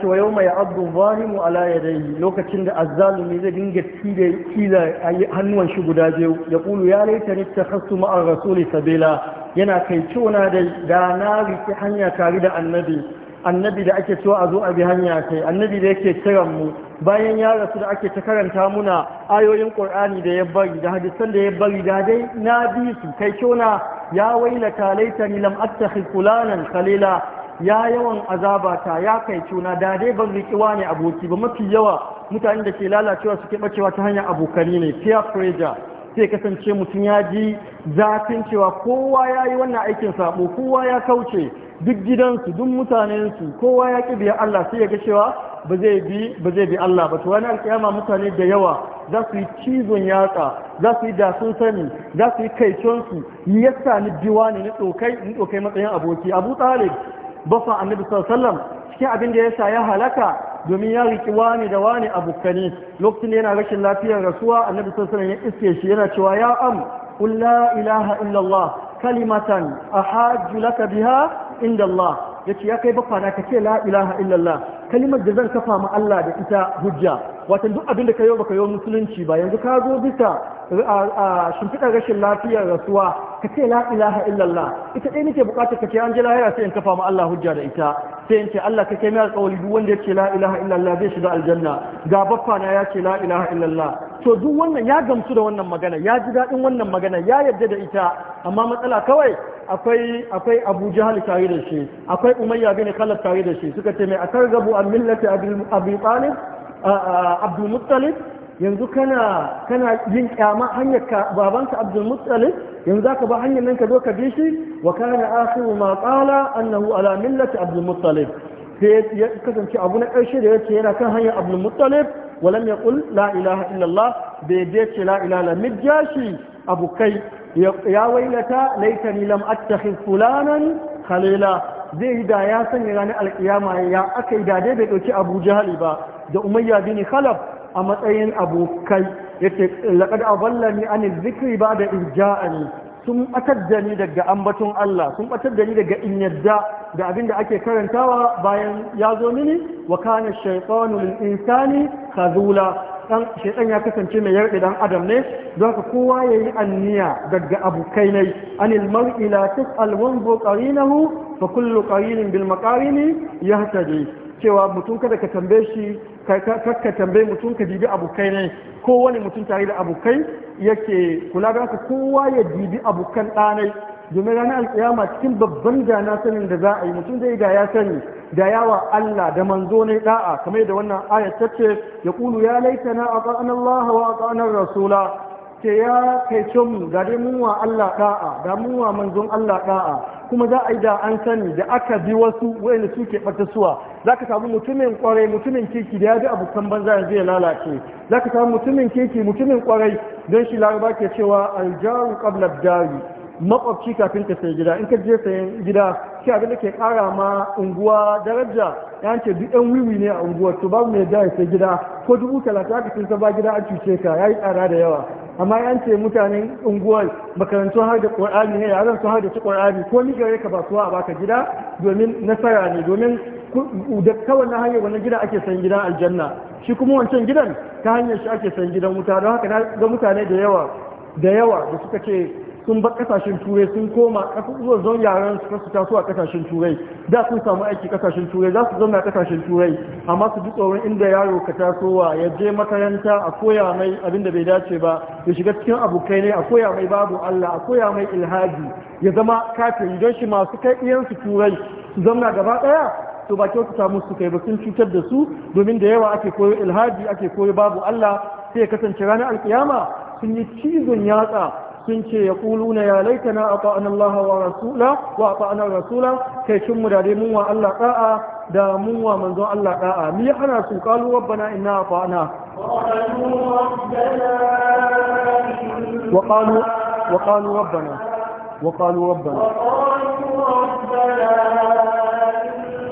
ce wa yau mai abdu zalimu ala dai lokacin da azzalumi zai dinga tila hannuwan shi guda biyu ya kulu ya laita ni ta hasu ma'ar rasuli sabila yana kai ciwona da da na riƙe hanya tare da annabi annabi da ake cewa a zo a bi hanya kai annabi da yake kiran mu bayan ya rasu da ake ta karanta muna ayoyin qur'ani da ya bari da hadisan da ya bari da dai na bi su kai ciwona ya wailata laitani lam attakhid fulanan khalila ya yawan azabata ya kai cuna da dai ban riƙi wani aboki ba mafi yawa mutane da ke lalacewa suke bacewa ta hanyar abokani ne peer pressure sai kasance mutum ya ji zafin cewa kowa ya yi wannan aikin sabo kowa ya kauce duk gidansu duk mutanensu kowa ya ƙi biya Allah sai ya ga cewa ba zai bi ba zai bi Allah ba to wani alƙiyama mutane da yawa za su yi cizon yatsa za su yi da sun sani za su yi kaiconsu yasa ni biwa ne ni tsokai ni tsokai matsayin aboki Abu Talib bafa annabi sallallahu cikin abin da ya sa ya halaka domin ya riki wani da wani abokani. lokacin da yana rashin lafiyar rasuwa annabi sallallahu alaihi ya iske shi yana cewa ya am qul la ilaha illallah kalimatan ahajju laka biha inda Allah ya ce ya kai bakwana ka ce la ilaha illallah kalimar da zan kafa ma Allah da ita hujja wato duk abin da ka yi baka yi musulunci ba yanzu ka zo bisa a shimfiɗar rashin lafiyar rasuwa ka ce la ilaha illallah ita ɗaya nake buƙatar ka ce an je lahira sai in kafa ma Allah hujja da ita sai in ce Allah ka kai mai alƙawari duk wanda ya ce la ilaha illallah zai shiga aljanna ga baffana ya ce la ilaha illallah to duk wannan ya gamsu da wannan magana ya ji daɗin wannan magana ya yarda da ita amma matsala kawai akwai akwai Abu Jahl tare da shi akwai Umayya bin Khalaf tare da shi suka ce mai akargabu an a Abi Talib Abdul yanzu kana yin kyama hanyar babanka Abdul Muttalib yanzu zaka ba hanyar nan ka zo ka bi shi wa kana akhiru ma qala annahu ala millati Abdul sai ya kasance abu na ƙarshe da yace yana kan hanyar Abdul Muttalib walam yaqul la ilaha illallah bai je ce la ilaha illa mijashi abukai ya wailata laitani lam attakhid fulanan khalila zai yi da ya sanya ranar alkiyama ya aka yi da dai bai dauki abu jahali ba da umayya bin khalaf a matsayin abokai yace laqad aballani an zikri ba da irja'ani sun batar da ni daga ambaton Allah sun batar da ni daga in yadda da abin da ake karantawa bayan ya zo mini wa kane shaytanu lil insani khazula dan shaytan ya kasance mai yarda dan adam ne don ka kowa yayi anniya daga abukai ne anil mar'i la tas'al wanzu qarinahu fa kullu qarinin bil ya yahtadi cewa mutum kada ka tambaye shi ka tambaye mutum ka dibi abokai ne kowane mutum tare da abokai yake kula da kowa ya dibi abokan ɗanai domin ranar alƙiyama cikin babban jana sanin da za a yi mutum zai da ya sani da yawa Allah da manzo ne da'a kamar da wannan ayat ce ya kulu ya laitana ata'ana Allah wa ata'ana rasula ce ya kai mu ga dai mun wa Allah da'a da mun wa manzon Allah da'a kuma za a yi da an sani da aka bi wasu wayanda suke bata suwa zaka samu mutumin kwarai mutumin kirki da ya bi abokan banza yanzu ya lalace zaka samu mutumin kirki mutumin kwarai don shi laraba ke cewa aljaru qabla dari makwabci kafin ka sai gida in ka je sayan gida shi abin da ke kara ma unguwa daraja ya ce duk yan wiwi ne a unguwar to babu mai da ya sai gida ko dubu talatin aka sun ba gida an cuce ka ya yi tsara da yawa amma yan ce mutanen unguwar makarantun har da ƙwar'ani ne yaran su har da ci ƙwar'ani ko ni gare ka ba basuwa a baka gida domin nasara ne domin da kawai na hanyar wani gida ake san gidan aljanna shi kuma wancan gidan ta hanyar shi ake san gidan wuta don haka ga mutane da yawa da yawa da suka ce sun bar kasashen turai sun koma kasuwar zon yaran su kasu taso a kasashen turai da sun samu aiki kasashen turai za su zauna kasashen turai amma su ji tsoron inda yaro ka tasowa ya je makaranta a koya mai abin da bai dace ba ya shiga cikin abokai ne a koya mai babu Allah a koya mai ilhadi ya zama kafin don shi masu kai iyansu turai su zauna gaba daya to ba kyautata musu kai ba sun cutar da su domin da yawa ake koyo ilhadi ake koyo babu Allah sai ya kasance ranar alkiyama sun yi cizon yatsa sun ce ya kuluna ya laitana ata'ana Allah wa rasula wa ata'ana rasula kai shin mu da dai mun wa Allah da'a da mun wa manzon Allah da'a mi hana su qalu rabbana inna ata'ana wa qalu wa qalu rabbana wa qalu rabbana wa qalu rabbana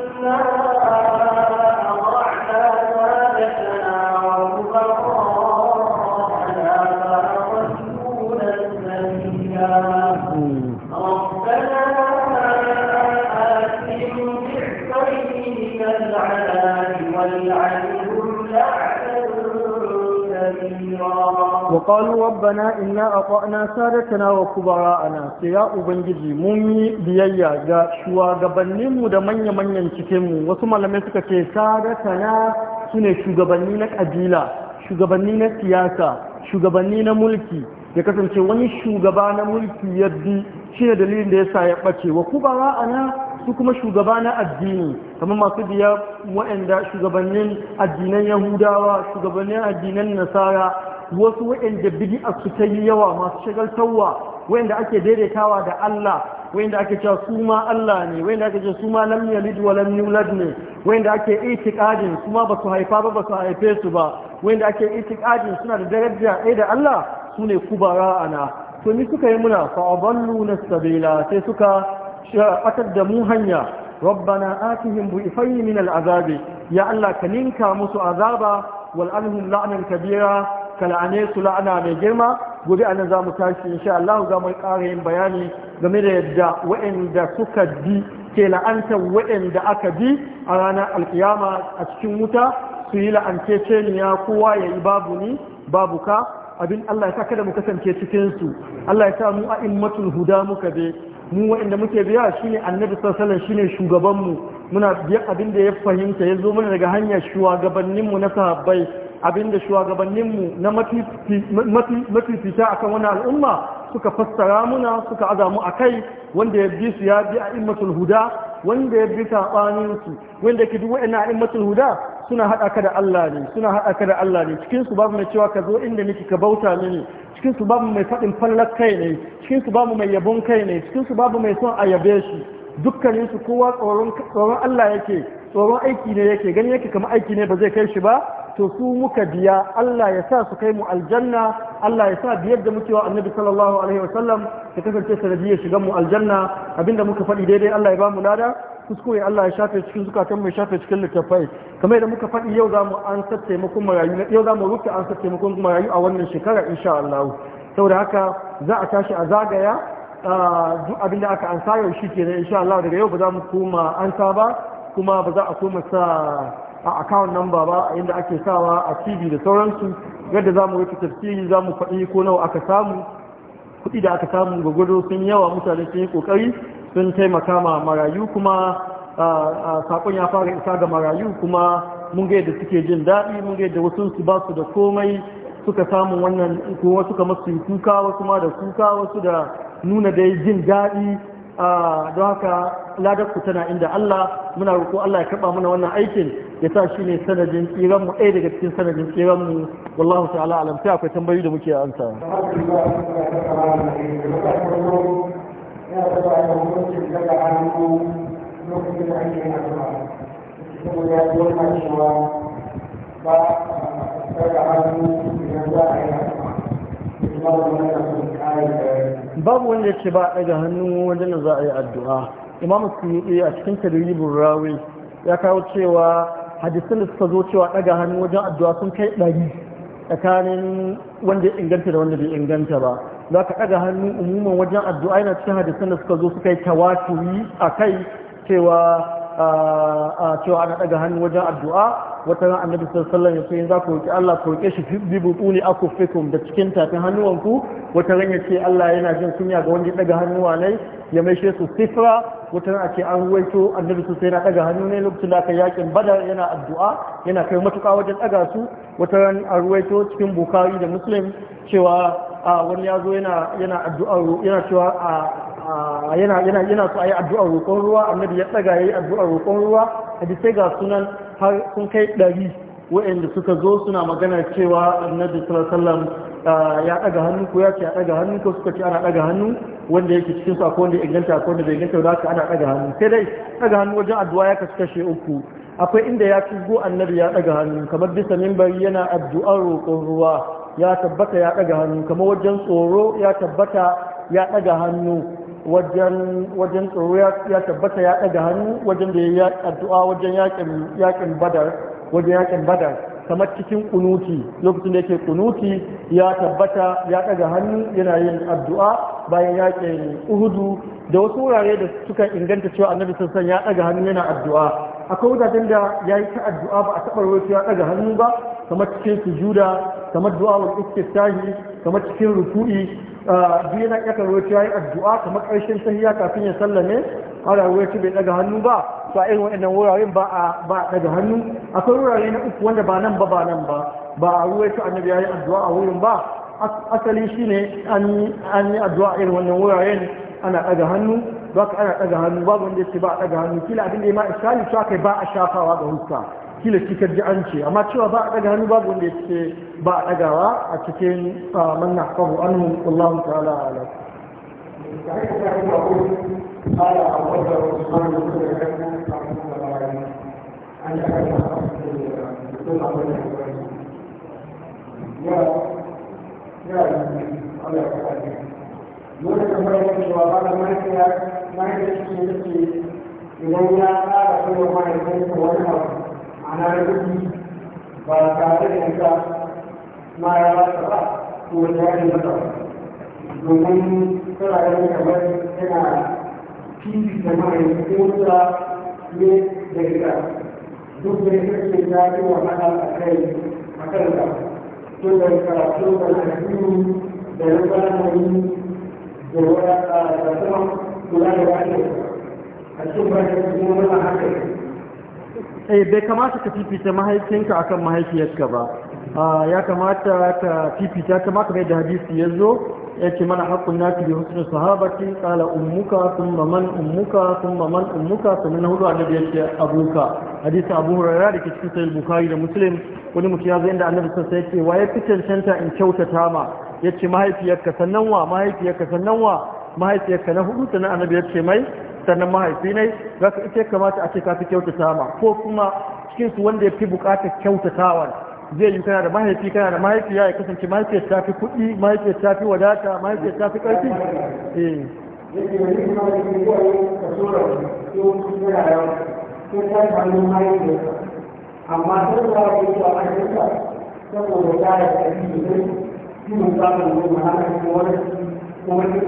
inna وقالوا ربنا إنا أطعنا سادتنا وكبراءنا سيا أبنجي مني بيايا غا شوا غبني مو da manya manyan cikin mu wasu malamai suka ce sadatana sune shugabanni na kabila shugabanni na siyasa shugabanni na mulki ya kasance wani shugaba na mulki ya bi shi ne dalilin da yasa ya bace wa kubara'ana su kuma shugaba na addini kamar masu biya waɗanda shugabannin addinan yahudawa shugabannin addinan nasara wasu waɗanda bid'a su ta yi yawa masu shagaltarwa waɗanda ake daidaitawa da Allah waɗanda ake cewa su ma Allah ne waɗanda ake cewa su ma lam yalid wa lam yulad ne waɗanda ake itiqadin su ma ba su haifa ba ba su haife su ba waɗanda ake itiqadin suna da daraja ɗaya da Allah su ne kubara ana to ni suka yi muna fa adallu sabila sai suka batar da mu hanya rabbana atihim bu'ifayni min al'azabi ya Allah ka ninka musu azaba wal anhum la'nan kabira ka su la'ana mai girma gobe a nan za mu tashi insha Allah za mu ƙara yin bayani game da yadda waɗanda suka bi ke la'antar waɗanda aka bi a ranar alkiyama a cikin wuta su yi la'ance ce la'anceceniya kowa ya yi babu ni babu ka abin Allah ya sa kada mu kasance cikinsu Allah ya sa mu a huda muka bi mu waɗanda muke biya shine annabi sallallahu alaihi ne shugabanmu muna biyan abin da ya fahimta ya zo mana daga hanyar mu na sahabbai abinda shugabanninmu na a kan wani al'umma suka fassara muna suka azamu a kai wanda ya bi su ya bi a immatul huda wanda ya bi saɓaninsu wanda ya duk wa'ina a immatul huda suna haɗa ka da Allah ne suna haɗa ka da Allah ne cikin su babu mai cewa ka zo inda nake ka bauta mini cikin su babu mai faɗin fallar kai ne cikin su babu mai yabon kai ne cikin su babu mai son a yabe shi dukkaninsu kowa tsoron Allah yake tsoron aiki ne yake gani yake kama aiki ne ba zai kai shi ba to su muka biya Allah ya sa su kai mu aljanna Allah ya sa biyar da muke wa annabi sallallahu alaihi wa sallam ya kasance sanadiyya shigan mu aljanna abinda muka faɗi daidai Allah ya ba mu lada kuskure Allah ya shafe cikin zukatan mu shafe cikin littafai kamar da muka faɗi yau zamu an sa taimakon marayu yau zamu rufe an mu taimakon marayu a wannan shekara insha Allah saboda haka za a tashi a zagaya ah, duk abinda aka ansa yau shi kenan insha Allah daga yau ba za mu koma ansa ba kuma ba za a so sa a account number ba a inda ake sawa a TV da sauransu yadda za mu wata tafsiri za mu faɗi ko nawa aka samu kuɗi da aka samu ga gwado sun yawa mutane sun yi ƙoƙari sun taimaka ma marayu kuma saƙon ya fara isa ga marayu kuma mun ga yadda suke jin daɗi mun ga yadda wasu su ba su da komai suka samu wannan ko wasu kamar su kuka wasu ma da kuka wasu da nuna da jin daɗi Ah, don haka ladarku tana inda Allah muna roƙo Allah ya karɓa mana wannan aikin ya sa shi ne sanadin tsiran mu ɗaya daga cikin sanadin tsiran mu wallahu ta'ala alam sai akwai tambayoyi da muke amsa ba a hannu babu wanda yake ba ɗaga hannu wajen da za a yi addu'a imam suyuɗi a cikin tarihibin rawi ya kawo cewa hadisin da suka zo cewa ɗaga hannu wajen addu'a sun kai ɗari tsakanin wanda ya inganta da wanda bai inganta ba za ka ɗaga hannu umuman wajen addu'a yana cikin hadisin da suka zo suka yi tawaturi a kai cewa cewa ana daga hannu wajen addu'a wata ran annabi sallallahu alaihi wasallam yace za ku roki Allah ku roke shi bi butuni akufikum da cikin tafin hannuwanku wata ran ce Allah yana jin kunya ga wanda ya daga hannuwa ne ya maishe su sifra wata ran ce an ruwaito annabi sai na daga hannu ne lokacin da aka yakin bada yana addu'a yana kai matuƙa wajen daga su wata ran an ruwaito cikin bukari da muslim cewa wani ya zo yana addu'a yana cewa a Ah, yana yana yana so ayi addu'ar roƙon ruwa annabi ya tsaga yayi addu'ar roƙon ruwa hadisai ga sunan har sun kai ɗari waɗanda suka zo suna magana cewa annabi sallallahu alaihi wasallam ah, ya ɗaga hannu ko ya ce ya ɗaga hannu ko suka ce ana ɗaga hannu wanda yake cikin su akwai wanda inganta akwai wanda bai inganta da ana ɗaga hannu sai dai ɗaga hannu wajen addu'a ya kasu kashe uku akwai inda ya shigo annabi ya ɗaga hannu kamar bisa mimbari yana addu'ar roƙon ruwa ya tabbata ya ɗaga hannu kamar wajen tsoro ya tabbata ya ɗaga hannu wajen tsoro ya tabbata ya ɗaga hannu wajen da ya yi addu'a wajen yakin badar wajen yakin badar kamar cikin kunuti lokacin da yake kunuti ya tabbata ya ɗaga hannu yana yin addu'a bayan yakin uhudu da wasu wurare da suka inganta cewa annabi sassan ya ɗaga hannu yana addu'a akwai wajajen da ya yi ta addu'a ba a taɓa rawaito ya ɗaga hannu ba kamar cikin sujuda kamar du'a wa istiftahi kamar cikin rufu'i biyu na ƙasar wuce ya yi addu'a kamar ƙarshen sahiya kafin ya sallame har wuce bai ɗaga hannu ba to a irin waɗannan wuraren ba a ɗaga hannu akwai wurare na uku wanda ba nan ba ba nan ba ba a ta annabi ya yi addu'a a wurin ba asali shine an yi addu'a irin wannan wuraren ana ɗaga hannu ba ana ɗaga hannu babu wanda yake ba a ɗaga hannu kila abin da ya ma isali to kai ba a shafawa ga hukka kila kika ji an ce amma cewa ba a daga hannu babu wanda yake ba a dagawa a cikin manna kwabu anhu Allah ta ala Mula kamar yadda cewa ba da shi ne idan ya ƙara kuma mahaifinsa wani abu anak-anak bahasa mereka marah apa kemudian betul dengan selain kabar dengan kiri sama yang kuasa ye mereka dua mereka kerja itu akan akan akan apa tu mereka tu mereka itu daripada ini daripada dasar pulang dari itu Asyik banyak semua lah hadir. eh bai kamata ka fifita mahaifinka akan mahaifiyarka ba ah, ya kamata ka fifita kama mai da hadisi ya zo ya ce mana haƙƙun naki bi husnul sahabati qala ummuka thumma man ummuka thumma man ummuka sannan hudu annabi ya ce abuka hadisi abu hurairah da ke cikin sahih bukhari da muslim wani mutum ya zo inda annabi sai ya ce waye fi cancanta in kyautata ma ya ce mahaifiyarka sannan wa mahaifiyarka sannan wa mahaifiyarka na hudu sannan annabi ya ce mai sannan mahaifi ne za ka ita kamata a ce ka fi kyautata ma ko kuma cikin su wanda ya fi bukatar kyautatawa zai yi kana da mahaifi kana da mahaifiya ya kasance mahaifiyar ta fi kuɗi mahaifiyar ta fi wadata mahaifiyar ta fi ƙarfi eh amma da yi saboda ta yi in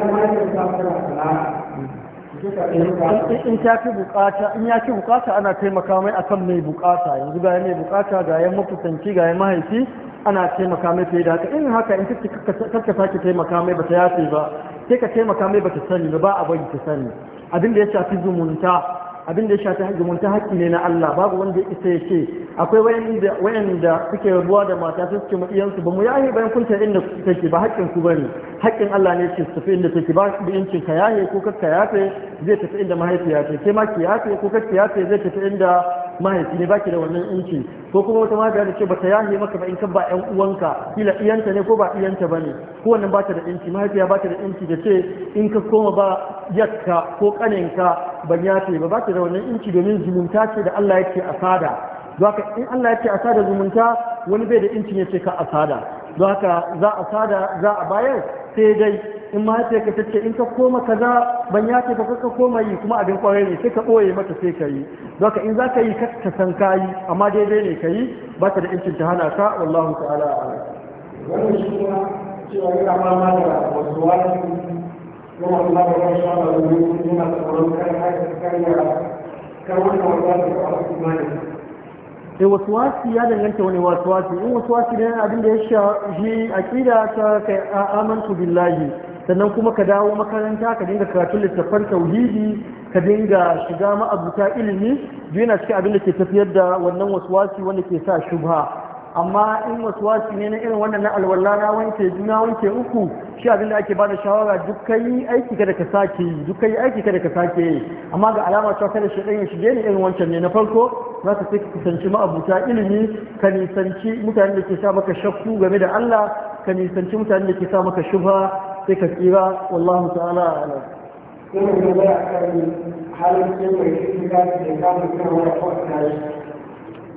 ta fi bukata in ya fi bukata ana taimaka mai akan mai bukata yanzu ga mai bukata ga yan makusanci ga yan mahaifi ana taimaka mai fiye da haka in haka in kakka sake taimaka mai bata yafe ba sai ka taimaka mai bata sani ba a bari ta sani abin da ya shafi zumunta abin da ya shafi hajjumun ta haƙƙi ne na Allah babu wanda isa ya ce akwai wayanda suke ruwa da mata su suke matsiyansu ba mu yaye bayan kunta inda take ba haƙƙin ku bane haƙƙin Allah ne ce su tafi inda take ba ka yancin ka yahe ko kakka yafe zai tafi inda mahaifiya ce ke ma ki yafe ko kakka yafe zai tafi inda mahaifi ne baki da wannan inci? ko kuma wata mata da ce ba ta yahe maka ba in kan ba 'yan uwanka kila iyanta ne ko ba iyanta ba ne? ko wannan ba ta da yanci mahaifiya ta da inci da ce in ka koma ba yakka ko kaninka ban yafe ba ta da wannan inci domin zumunta ce da Allah yake asada zaka in Allah yake asada zumunta wani bai da inci ne ce ka asada don za a sada za a bayar sai dai in ma sai ka tace in ka koma kaza ban ya ce ka ka koma yi kuma abin kwarai ne sai ka boye mata sai ka yi don in za ka yi ka ka san ka yi amma daidai ne ka yi ba ta da incin ta hana ka wallahu ta'ala a'lam wannan shi kuma cewa yana fama da wasu wani kuma da shafa da wani kan haka kan yara kan wani wani da eh, wasu wasu ya danganta wani wasu wasu in wasu wasu ne abin da ya shafi aqida ta kai amantu billahi sannan kuma ka dawo makaranta ka dinga karatun littattafan tauhidi ka dinga shiga ma'abuta ilimi biyu yana cikin abin da ke tafiyar da wannan wasu wasu wanda ke sa shubha amma in wasuwasi ne na irin wannan na alwala na wanke juna wanke uku shi abinda ake bada shawara duk kai aiki kada ka sake yi duk kai aiki kada ka sake yi amma ga alama cewa kada shi ya shige ne irin wancan ne na farko za ka sai ka kusanci ma'abuta ilimi ka nisanci mutanen da ke sa maka shakku game da Allah ka nisanci mutanen da ke sa maka shubha sai ka tsira wallahu ta'ala a'lam sai mu ga kan halin da yake cikin da kamun kan wani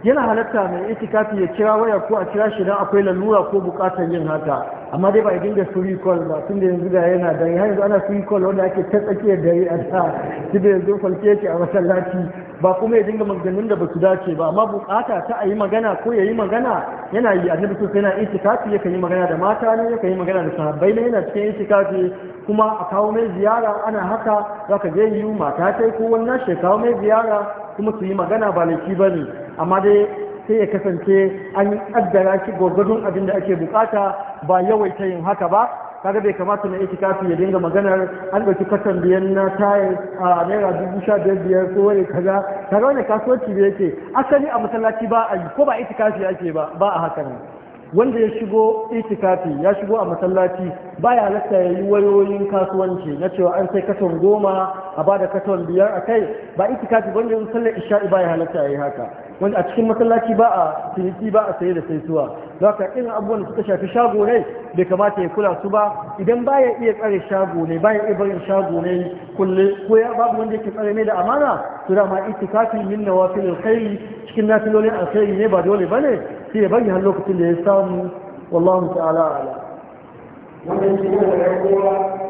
yana halatta mai itikafi ya kira waya ko a kira shi dan akwai lalura ko bukatar yin haka amma dai ba a dinga free call ba tun da yanzu da yana da har yanzu ana free call wanda ake ta tsakiyar dare a ta tunda yanzu falke yake a masallaci ba kuma ya dinga maganganun da basu dace ba amma bukata ta a yi magana ko ya yi magana yana yi annabi sosai yana itikafi kan yi magana da mata ne kan yi magana da sahabbai ne yana cikin itikafi kuma a kawo mai ziyara ana haka ka je yi mata ko wannan shi kawo mai ziyara kuma su yi magana ba laifi ba ne amma dai sai ya kasance an addara shi gwargwadon abin da ake bukata ba yawaita yin haka ba kaga bai kamata na kafi ya dinga maganar an ɗauki kasan biyan na tayar a naira dubu sha biyar biyar ko wani kaza kaga wani kasuwanci da yake asali a masallaci ba a yi ko ba itikafi ake ba ba a haka ne wanda ya shigo itikafi ya shigo a masallaci baya halatta ya yi wayoyin kasuwanci na cewa an sai kasan goma a ba da katon biyar a kai ba itikafi wanda yin sallar isha'i ba ya halatta yi haka wanda a cikin masallaci ba a ciniki ba a saye da saisuwa za ka irin abubuwan da suka shafi shago ne bai kamata ya kula su ba idan ba ya iya tsare shago ne ba ya iya barin shago ne kulle ko ya babu wanda yake tsare ne da amana to dama itikafi min nawafil alkhairi cikin nafilolin alkhairi ne ba dole ne sai ya bari har lokacin da ya samu wallahu ta'ala ala wannan shi ne da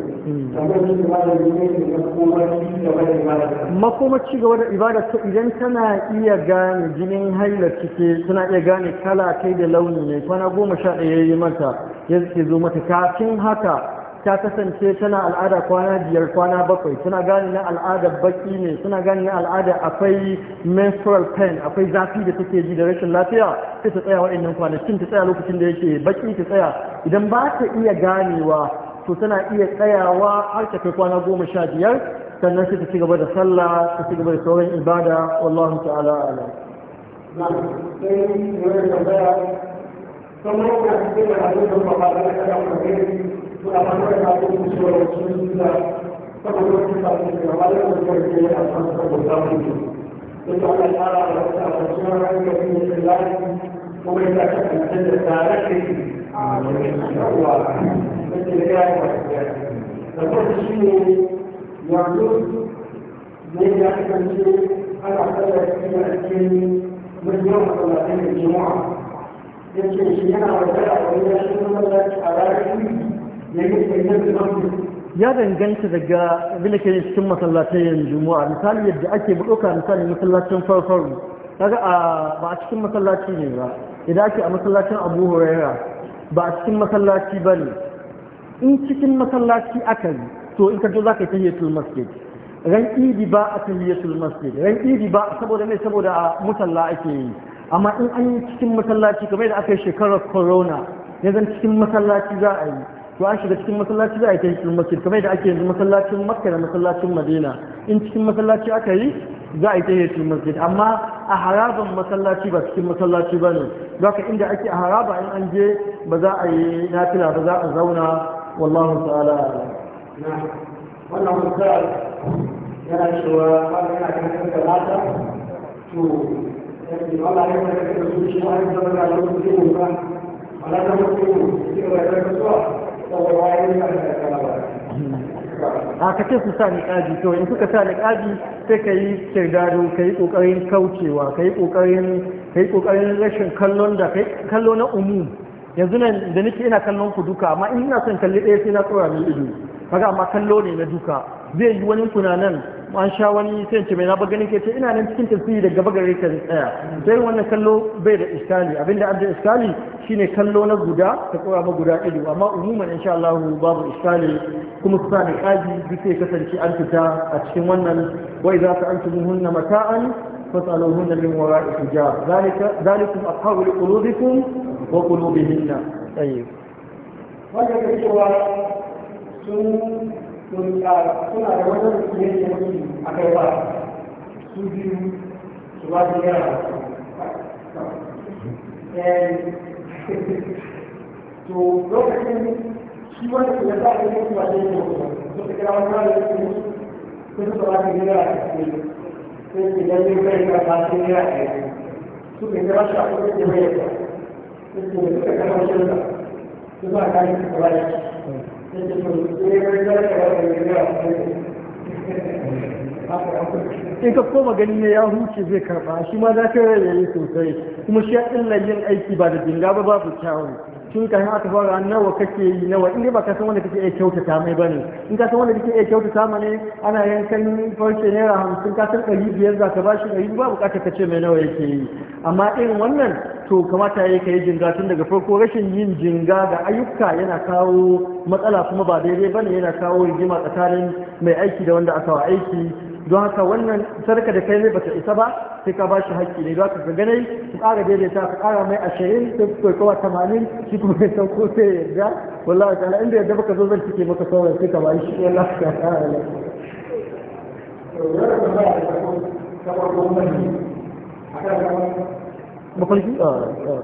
makoma ci gaba da ibada ta idan tana iya gane jinin haila cike tana iya gane kala kai da launi mai kwana goma sha ɗaya yi mata ya ke zo mata kafin haka ta kasance tana al'ada kwana biyar kwana bakwai tana gane na al'ada baki ne suna gane na al'ada akwai menstrual pain akwai zafi da take ji da rashin lafiya sai ta tsaya wa'annan kwanakin ta tsaya lokacin da yake baki ta tsaya idan ba ta iya ganewa to tana iya tsayawa har ta kai kwana goma sha biyar sannan sai ta ci gaba da sallah ta ci gaba da sauran ibada wallahu ta'ala ala ومن تحت الجنة تاركه على الله da kuma shi ne yanzu ne ya kasance ana tsada shi a cikin miliyan matsalatin da jima'a ya ce shi yana wajen a wani ya shi matsalaci a ranar ya yi tsayyar da ya danganta daga abin da ke cikin masallatai yanzu juma'a misali yadda ake buɗuka misali masallacin farfaru kaga ba a cikin masallaci ne ba idan ake a masallacin abu huraira ba a cikin masallaci ba ne in cikin masallaci aka yi to in ka zo za ka yi tahiyatul masjid ran idi ba a tahiyatul masjid ran idi ba saboda mai saboda a musalla ake yi amma in an yi cikin masallaci kamar da aka yi shekarar corona ya zan cikin masallaci za a yi to an shiga cikin masallaci za a yi tahiyatul masjid kamar da ake yanzu masallacin makka da masallacin madina in cikin masallaci aka yi za a yi tahiyatul masjid amma a haraban masallaci ba cikin masallaci ba ne za ka inda ake a haraba in an je ba za a yi nafila ba za a zauna wallahu ta'ala na wannan mutar yana cewa wanda yana kan da lata to yake wala yana da su shi wani da ba da su ke mun ba wala da mu ke mun ke ba da su to wani da a ka ce su sa niƙaji to in suka sa niƙaji sai ka yi kirdado ka yi ƙoƙarin kaucewa ka yi ƙoƙarin rashin kallon da kallon na umu. yanzu nan da nake ina kallon ku duka amma in ina son kalli ɗaya sai na tsora min ido kaga amma kallo ne na duka zai yi wani nan. an sha wani sai ce mai na ba ganin ke ce ina nan cikin tafsiri da gaba gare ka tsaya sai wannan kallo bai da iskali abinda abin iskali shine kallo na guda ta tsora ma guda ido amma umuman insha Allah babu iskali kuma su sani kaji duk sai kasance an fita a cikin wannan wa idza ta'antum hunna mata'an فاسألوهن من وراء حجاب ذلك ذلك أطهر لقلوبكم وقلوبهن طيب وجد في sai ki dan yi kai ka fasin ya a yi su ne da rashin akwai da mai yadda su ne ta kama shirka su ba ka yi ta kuma ya ce su ne ta da rashin akwai da mai yadda in ka koma ganin ya huce zai karba shi ma za ka yayi sosai kuma shi ya illa yin aiki ba da dinga ba babu kyawun tun kai aka fara nawa kake yi nawa in ba ka san wanda kake iya kyautata mai bane in ka san wanda kake iya kyautata mai ne ana yankan farce naira hamsin ka san ɗari biyar za ka bashi ɗari ba buƙatar ka ce mai nawa yake yi amma irin wannan to kamata ya yi jinga tun daga farko rashin yin jinga da ayyuka yana kawo matsala kuma ba daidai bane yana kawo rigima tsakanin mai aiki da wanda aka wa aiki don haka wannan sarka da kai mai bata isa ba sai ka bashi haƙƙi ne don haka ka ganai ka ƙara daidaita ka ƙara mai ashirin sai ku kowa tamanin shi kuma sai yarda wallahi ta'ala inda yarda baka zo zan cike maka sauran sai ka bayi shi ya lafiya ta'ala mafarki ah, ah.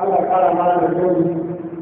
Ah,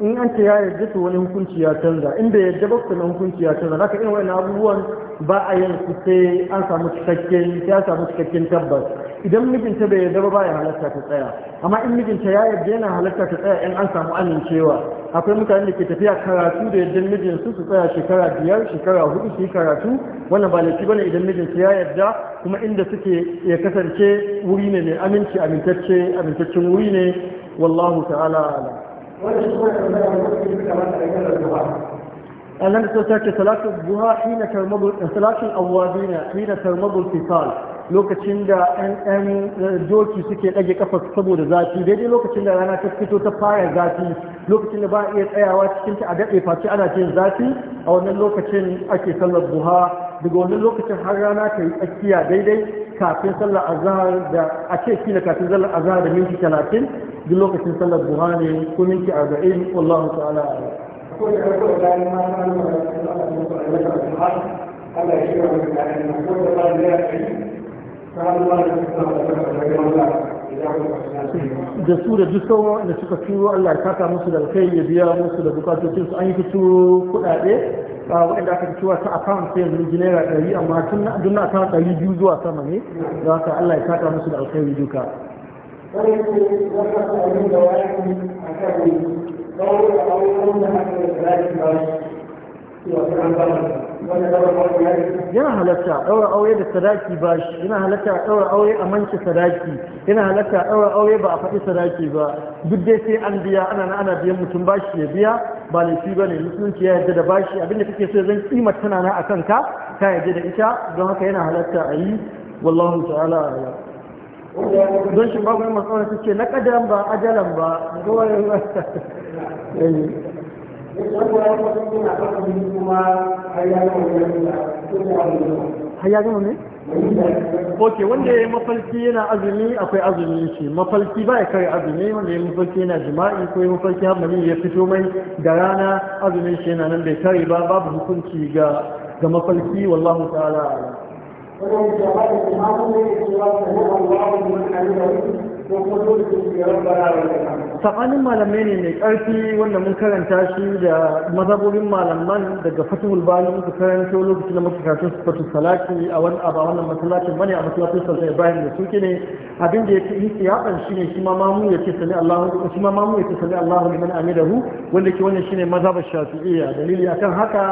in an ce ya yarda to wani hukunci ya canza in bai yarda ba kuma hukunci ya canza zaka irin wannan abubuwan ba a yin su sai an samu cikakken sai samu cikakken tabbas idan mijinta bai yarda ba ya halatta ta tsaya amma in mijinta ya yarda yana halatta ta tsaya in an samu amincewa akwai mutane da ke tafiya karatu da yardan mijinsu su tsaya shekara biyar shekara hudu su yi karatu wannan ba laifi bane idan mijinta ya yarda kuma inda suke ya kasance wuri ne mai aminci amintacce amintaccen wuri ne wallahu ta'ala alam wanda su kuma tambaya wani kuma suka mata da yanar da ba annan da ta ce salatu buha hina tarmabul salatul awwabina hina tarmabul fisal lokacin da ɗan doki suke ɗage kafa saboda zafi daidai lokacin da rana ta fito ta fara zafi lokacin da ba a iya tsayawa cikin ta a daɗe face ana cin zafi a wannan lokacin ake sallar buha daga wannan lokacin har rana ta yi tsakiya daidai kafin sallar azhar da a ce kila kafin sallar azhar da minti talatin duk lokacin sallar buha ne ko minti arba'in wallahu ta'ala da su da duk sauran wanda suka turo Allah ya kaka musu da kai ya biya musu da su an yi fito kuɗaɗe waɗanda aka ciwa ta account sai yanzu naira ɗari amma tun na ta ɗari biyu zuwa sama ne da haka Allah ya saka musu da alkhairi duka. yana halatta ɗaura aure da sadaki ba shi yana halatta ɗaura aure a manci sadaki yana halatta ɗaura aure ba a faɗi sadaki ba duk dai sai an biya ana na ana biyan mutum bashi ya biya ba laifi ba ne musulunci ya yarda da bashi abinda kake so zan kimar tana na a ka ka yarda da ita don haka yana halatta a yi wallahu ta'ala don shi babu matsalar ta suke na kadan ba ajalan ba har ya gama ne? ok wanda ya yi mafarki yana azumi akwai azumi shi mafarki ba ya kare azumi wanda ya yi mafarki yana jima'i ko ya mafarki hamani ya fito mai da rana azumin shi yana nan bai kare ba babu hukunci ga ga mafarki wallahu ta'ala tsakanin malamai ne mai ƙarfi wanda mun karanta shi da mazabobin malaman daga fatihul bani muka karanto lokacin da muka karatu su fatu salati a wani abu a wannan masallacin bane a masallacin sarki ibrahim da suke ne abin da ya fi istiyaban shi ne shi ma mamu ya ce sani allahu shi ma mamu ya ce sani allahu liman amidahu wanda ke wannan shine mazhabar shafi'iyya dalili A kan haka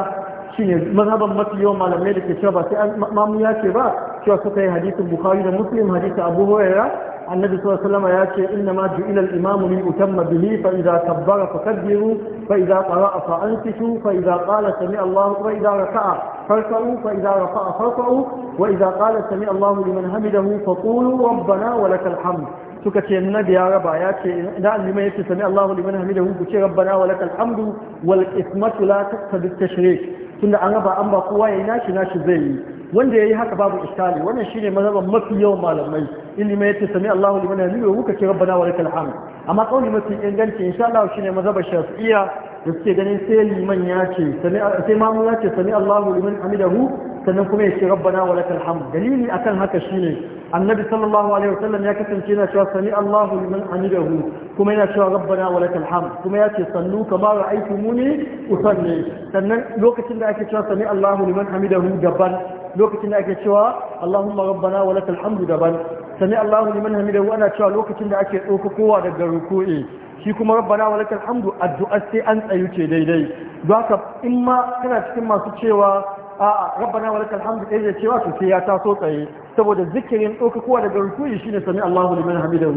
shi shine mazhaban mafi yawan malamai da ke cewa ba sai mamu ya ce ba cewa suka yi hadisin bukhari da muslim hadisin abu hurairah النبي صلى الله عليه وسلم ياتي إنما جئل الإمام ليؤتم به فإذا كبر فكبروا فإذا قرأ فأنتشوا فإذا قال سمع الله وإذا ركع فرفعوا فإذا رفع فاركعوا وإذا قال سمع الله لمن حمده فقولوا ربنا ولك الحمد سكت النبي يا رب ياتي إذا لم يأتي سمع الله لمن همده بشي ربنا ولك الحمد والإثمة لا تقصد التشريك ثم أنا بأمر قوي ناشي ناشي زيه wanda ya yi haka babu iskali wannan shi shine mazhaban mafi yawan malamai ilima yace sami Allahu liman hamidu muka ce rabbana wa lakal hamd amma kauli mafi inganci insha Allah shine mazhaban shafi'iyya da suke ganin sai liman ya ce sai mamu ya ce sami Allahu liman hamidahu sannan kuma ya ce rabbana wa lakal hamd dalili akan haka shi ne. annabi sallallahu alaihi wasallam ya kasance yana cewa sami Allahu liman hamidahu kuma yana cewa rabbana wa lakal hamd kuma ya ce Sannu kama ra'aytumuni usalli sannan lokacin da ake cewa sami Allahu liman hamidahu daban lokacin da ake cewa Allahumma rabbana wa lakal hamdu daban sami Allahu liman wa ana cewa lokacin da ake ɗauka kowa daga ruku'i shi kuma rabbana wa lakal hamdu addu'a sai an tsayu ce daidai zaka in ma kana cikin masu cewa a rabbana wa lakal hamdu sai da cewa to sai ya taso tsaye saboda zikirin ɗauka kowa daga ruku'i shine sami Allahu liman hamida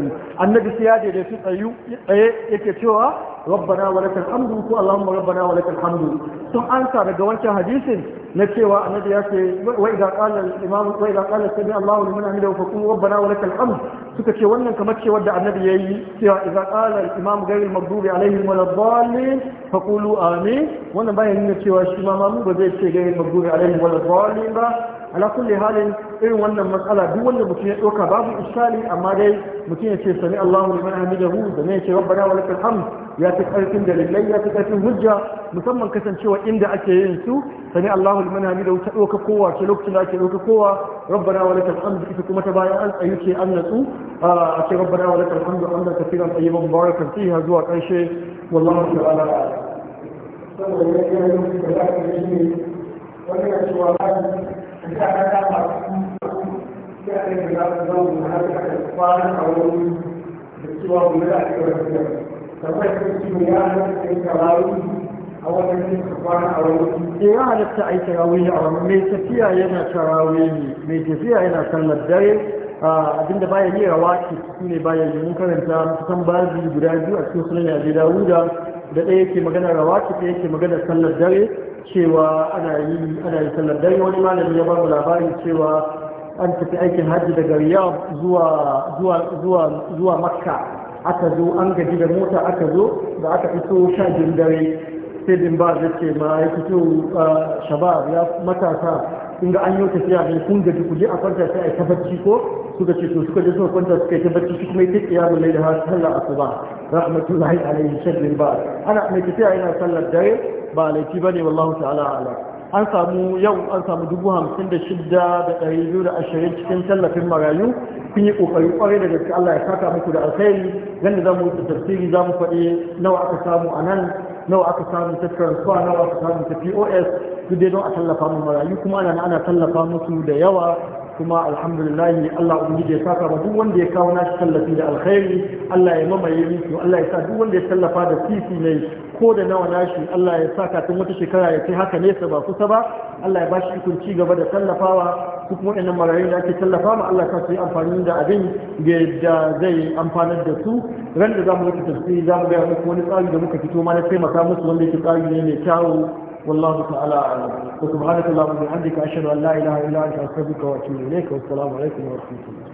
annabi sai ya daidaitu tsayu tsaye yake cewa rabbana wa lakal hamdu ko allahumma rabbana wa lakal hamdu sun ansa daga wancan hadisin na cewa annabi ya ce wa idza qala al imam wa idza qala sami allahu liman hamidahu fa qul rabbana wa lakal hamd suka ce wannan kamar ce wanda annabi yayi cewa idza qala al imam ghayr al maghdubi alaihim wa ad-dallin fa qulu amin wannan bayan nuna cewa shi ma mamu ba zai ce ghayr al maghdubi alaihim wa ad ba ala kulli halin irin wannan matsala duk wanda mutum ya doka babu isali amma dai mutum ya ce sami Allahu liman hamidahu da ne ya ce rabbana wa lakal hamd ya fi karfin dalilai ya fi karfin hujja musamman kasancewa inda ake yin su sami Allahu liman hamidahu ta doka kowa ce lokacin da ake doka kowa rabbana wa lakal hamd ita kuma ta bayan an tsayu ce an natsu a ce rabbana wa lakal hamd hamdan kafiran tayyiban mubarakan fiha zuwa karshe wallahu ta'ala saboda ya yi wani da za ka yi ne wani na cewa Iran halitta a yi tarawih a wani mai tafiya yana tarawih mai tafiya yana sallar dare abinda baya yi rawa ke su ne baya yi mun karanta kusan baji guda biyu a cikin sunan yaje dawuda da ɗaya ke magana rawa ɗaya ke magana sallar dare cewa ana yi ana yi sallar dan wani malami ya ba mu labarin cewa an tafi aikin hajji daga riyadh zuwa zuwa zuwa zuwa makka aka zo an gaji da mota aka zo da aka fito sha biyun dare sai bin ba zai ce ma ya fito shabab ya matasa in ga an yi tafiya ne kun gaji ku je a kwanta sai a yi tabbaci ko suka ce to suka je suka kwanta suka yi tabbaci shi kuma ya tafiya mu lai da har sallar asuba rahmatullahi alaihi shirin ba ana mai tafiya yana sallar dare ba laifi ba ne wallahu ta'ala ala an samu yau an samu dubu hamsin da shidda da ɗari biyu da ashirin cikin tallafin marayu kun yi ƙoƙari ƙwarai da gaske Allah ya saka muku da alkhairi yadda za mu yi tafsiri za mu faɗi nawa aka samu a nan nawa aka samu ta transfer nawa aka samu ta pos duk dai don a tallafa mu marayu kuma ana ana tallafa musu da yawa kuma alhamdulillahi Allah ubangiji ya saka ba duk wanda ya kawo nashi tallafi da alkhairi Allah ya mamaye musu Allah ya sa duk wanda ya tallafa da sisi ne ko da nawa nashi Allah ya saka tun wata shekara ya kai haka ne nesa ba kusa ba Allah ya ba shi ikon ci gaba da tallafawa duk kuma waɗannan marayun da ake tallafa ma Allah ka su yi amfani da abin da zai amfanar da su ran da za mu yi tafsiri za mu muku wani tsari da muka fito ma na taimaka musu wanda yake tsari ne mai kyau. والله تعالى أعلم وسبحانك اللهم وبحمدك أشهد أن لا إله إلا أنت أستغفرك وأتوب إليك والسلام عليكم ورحمة الله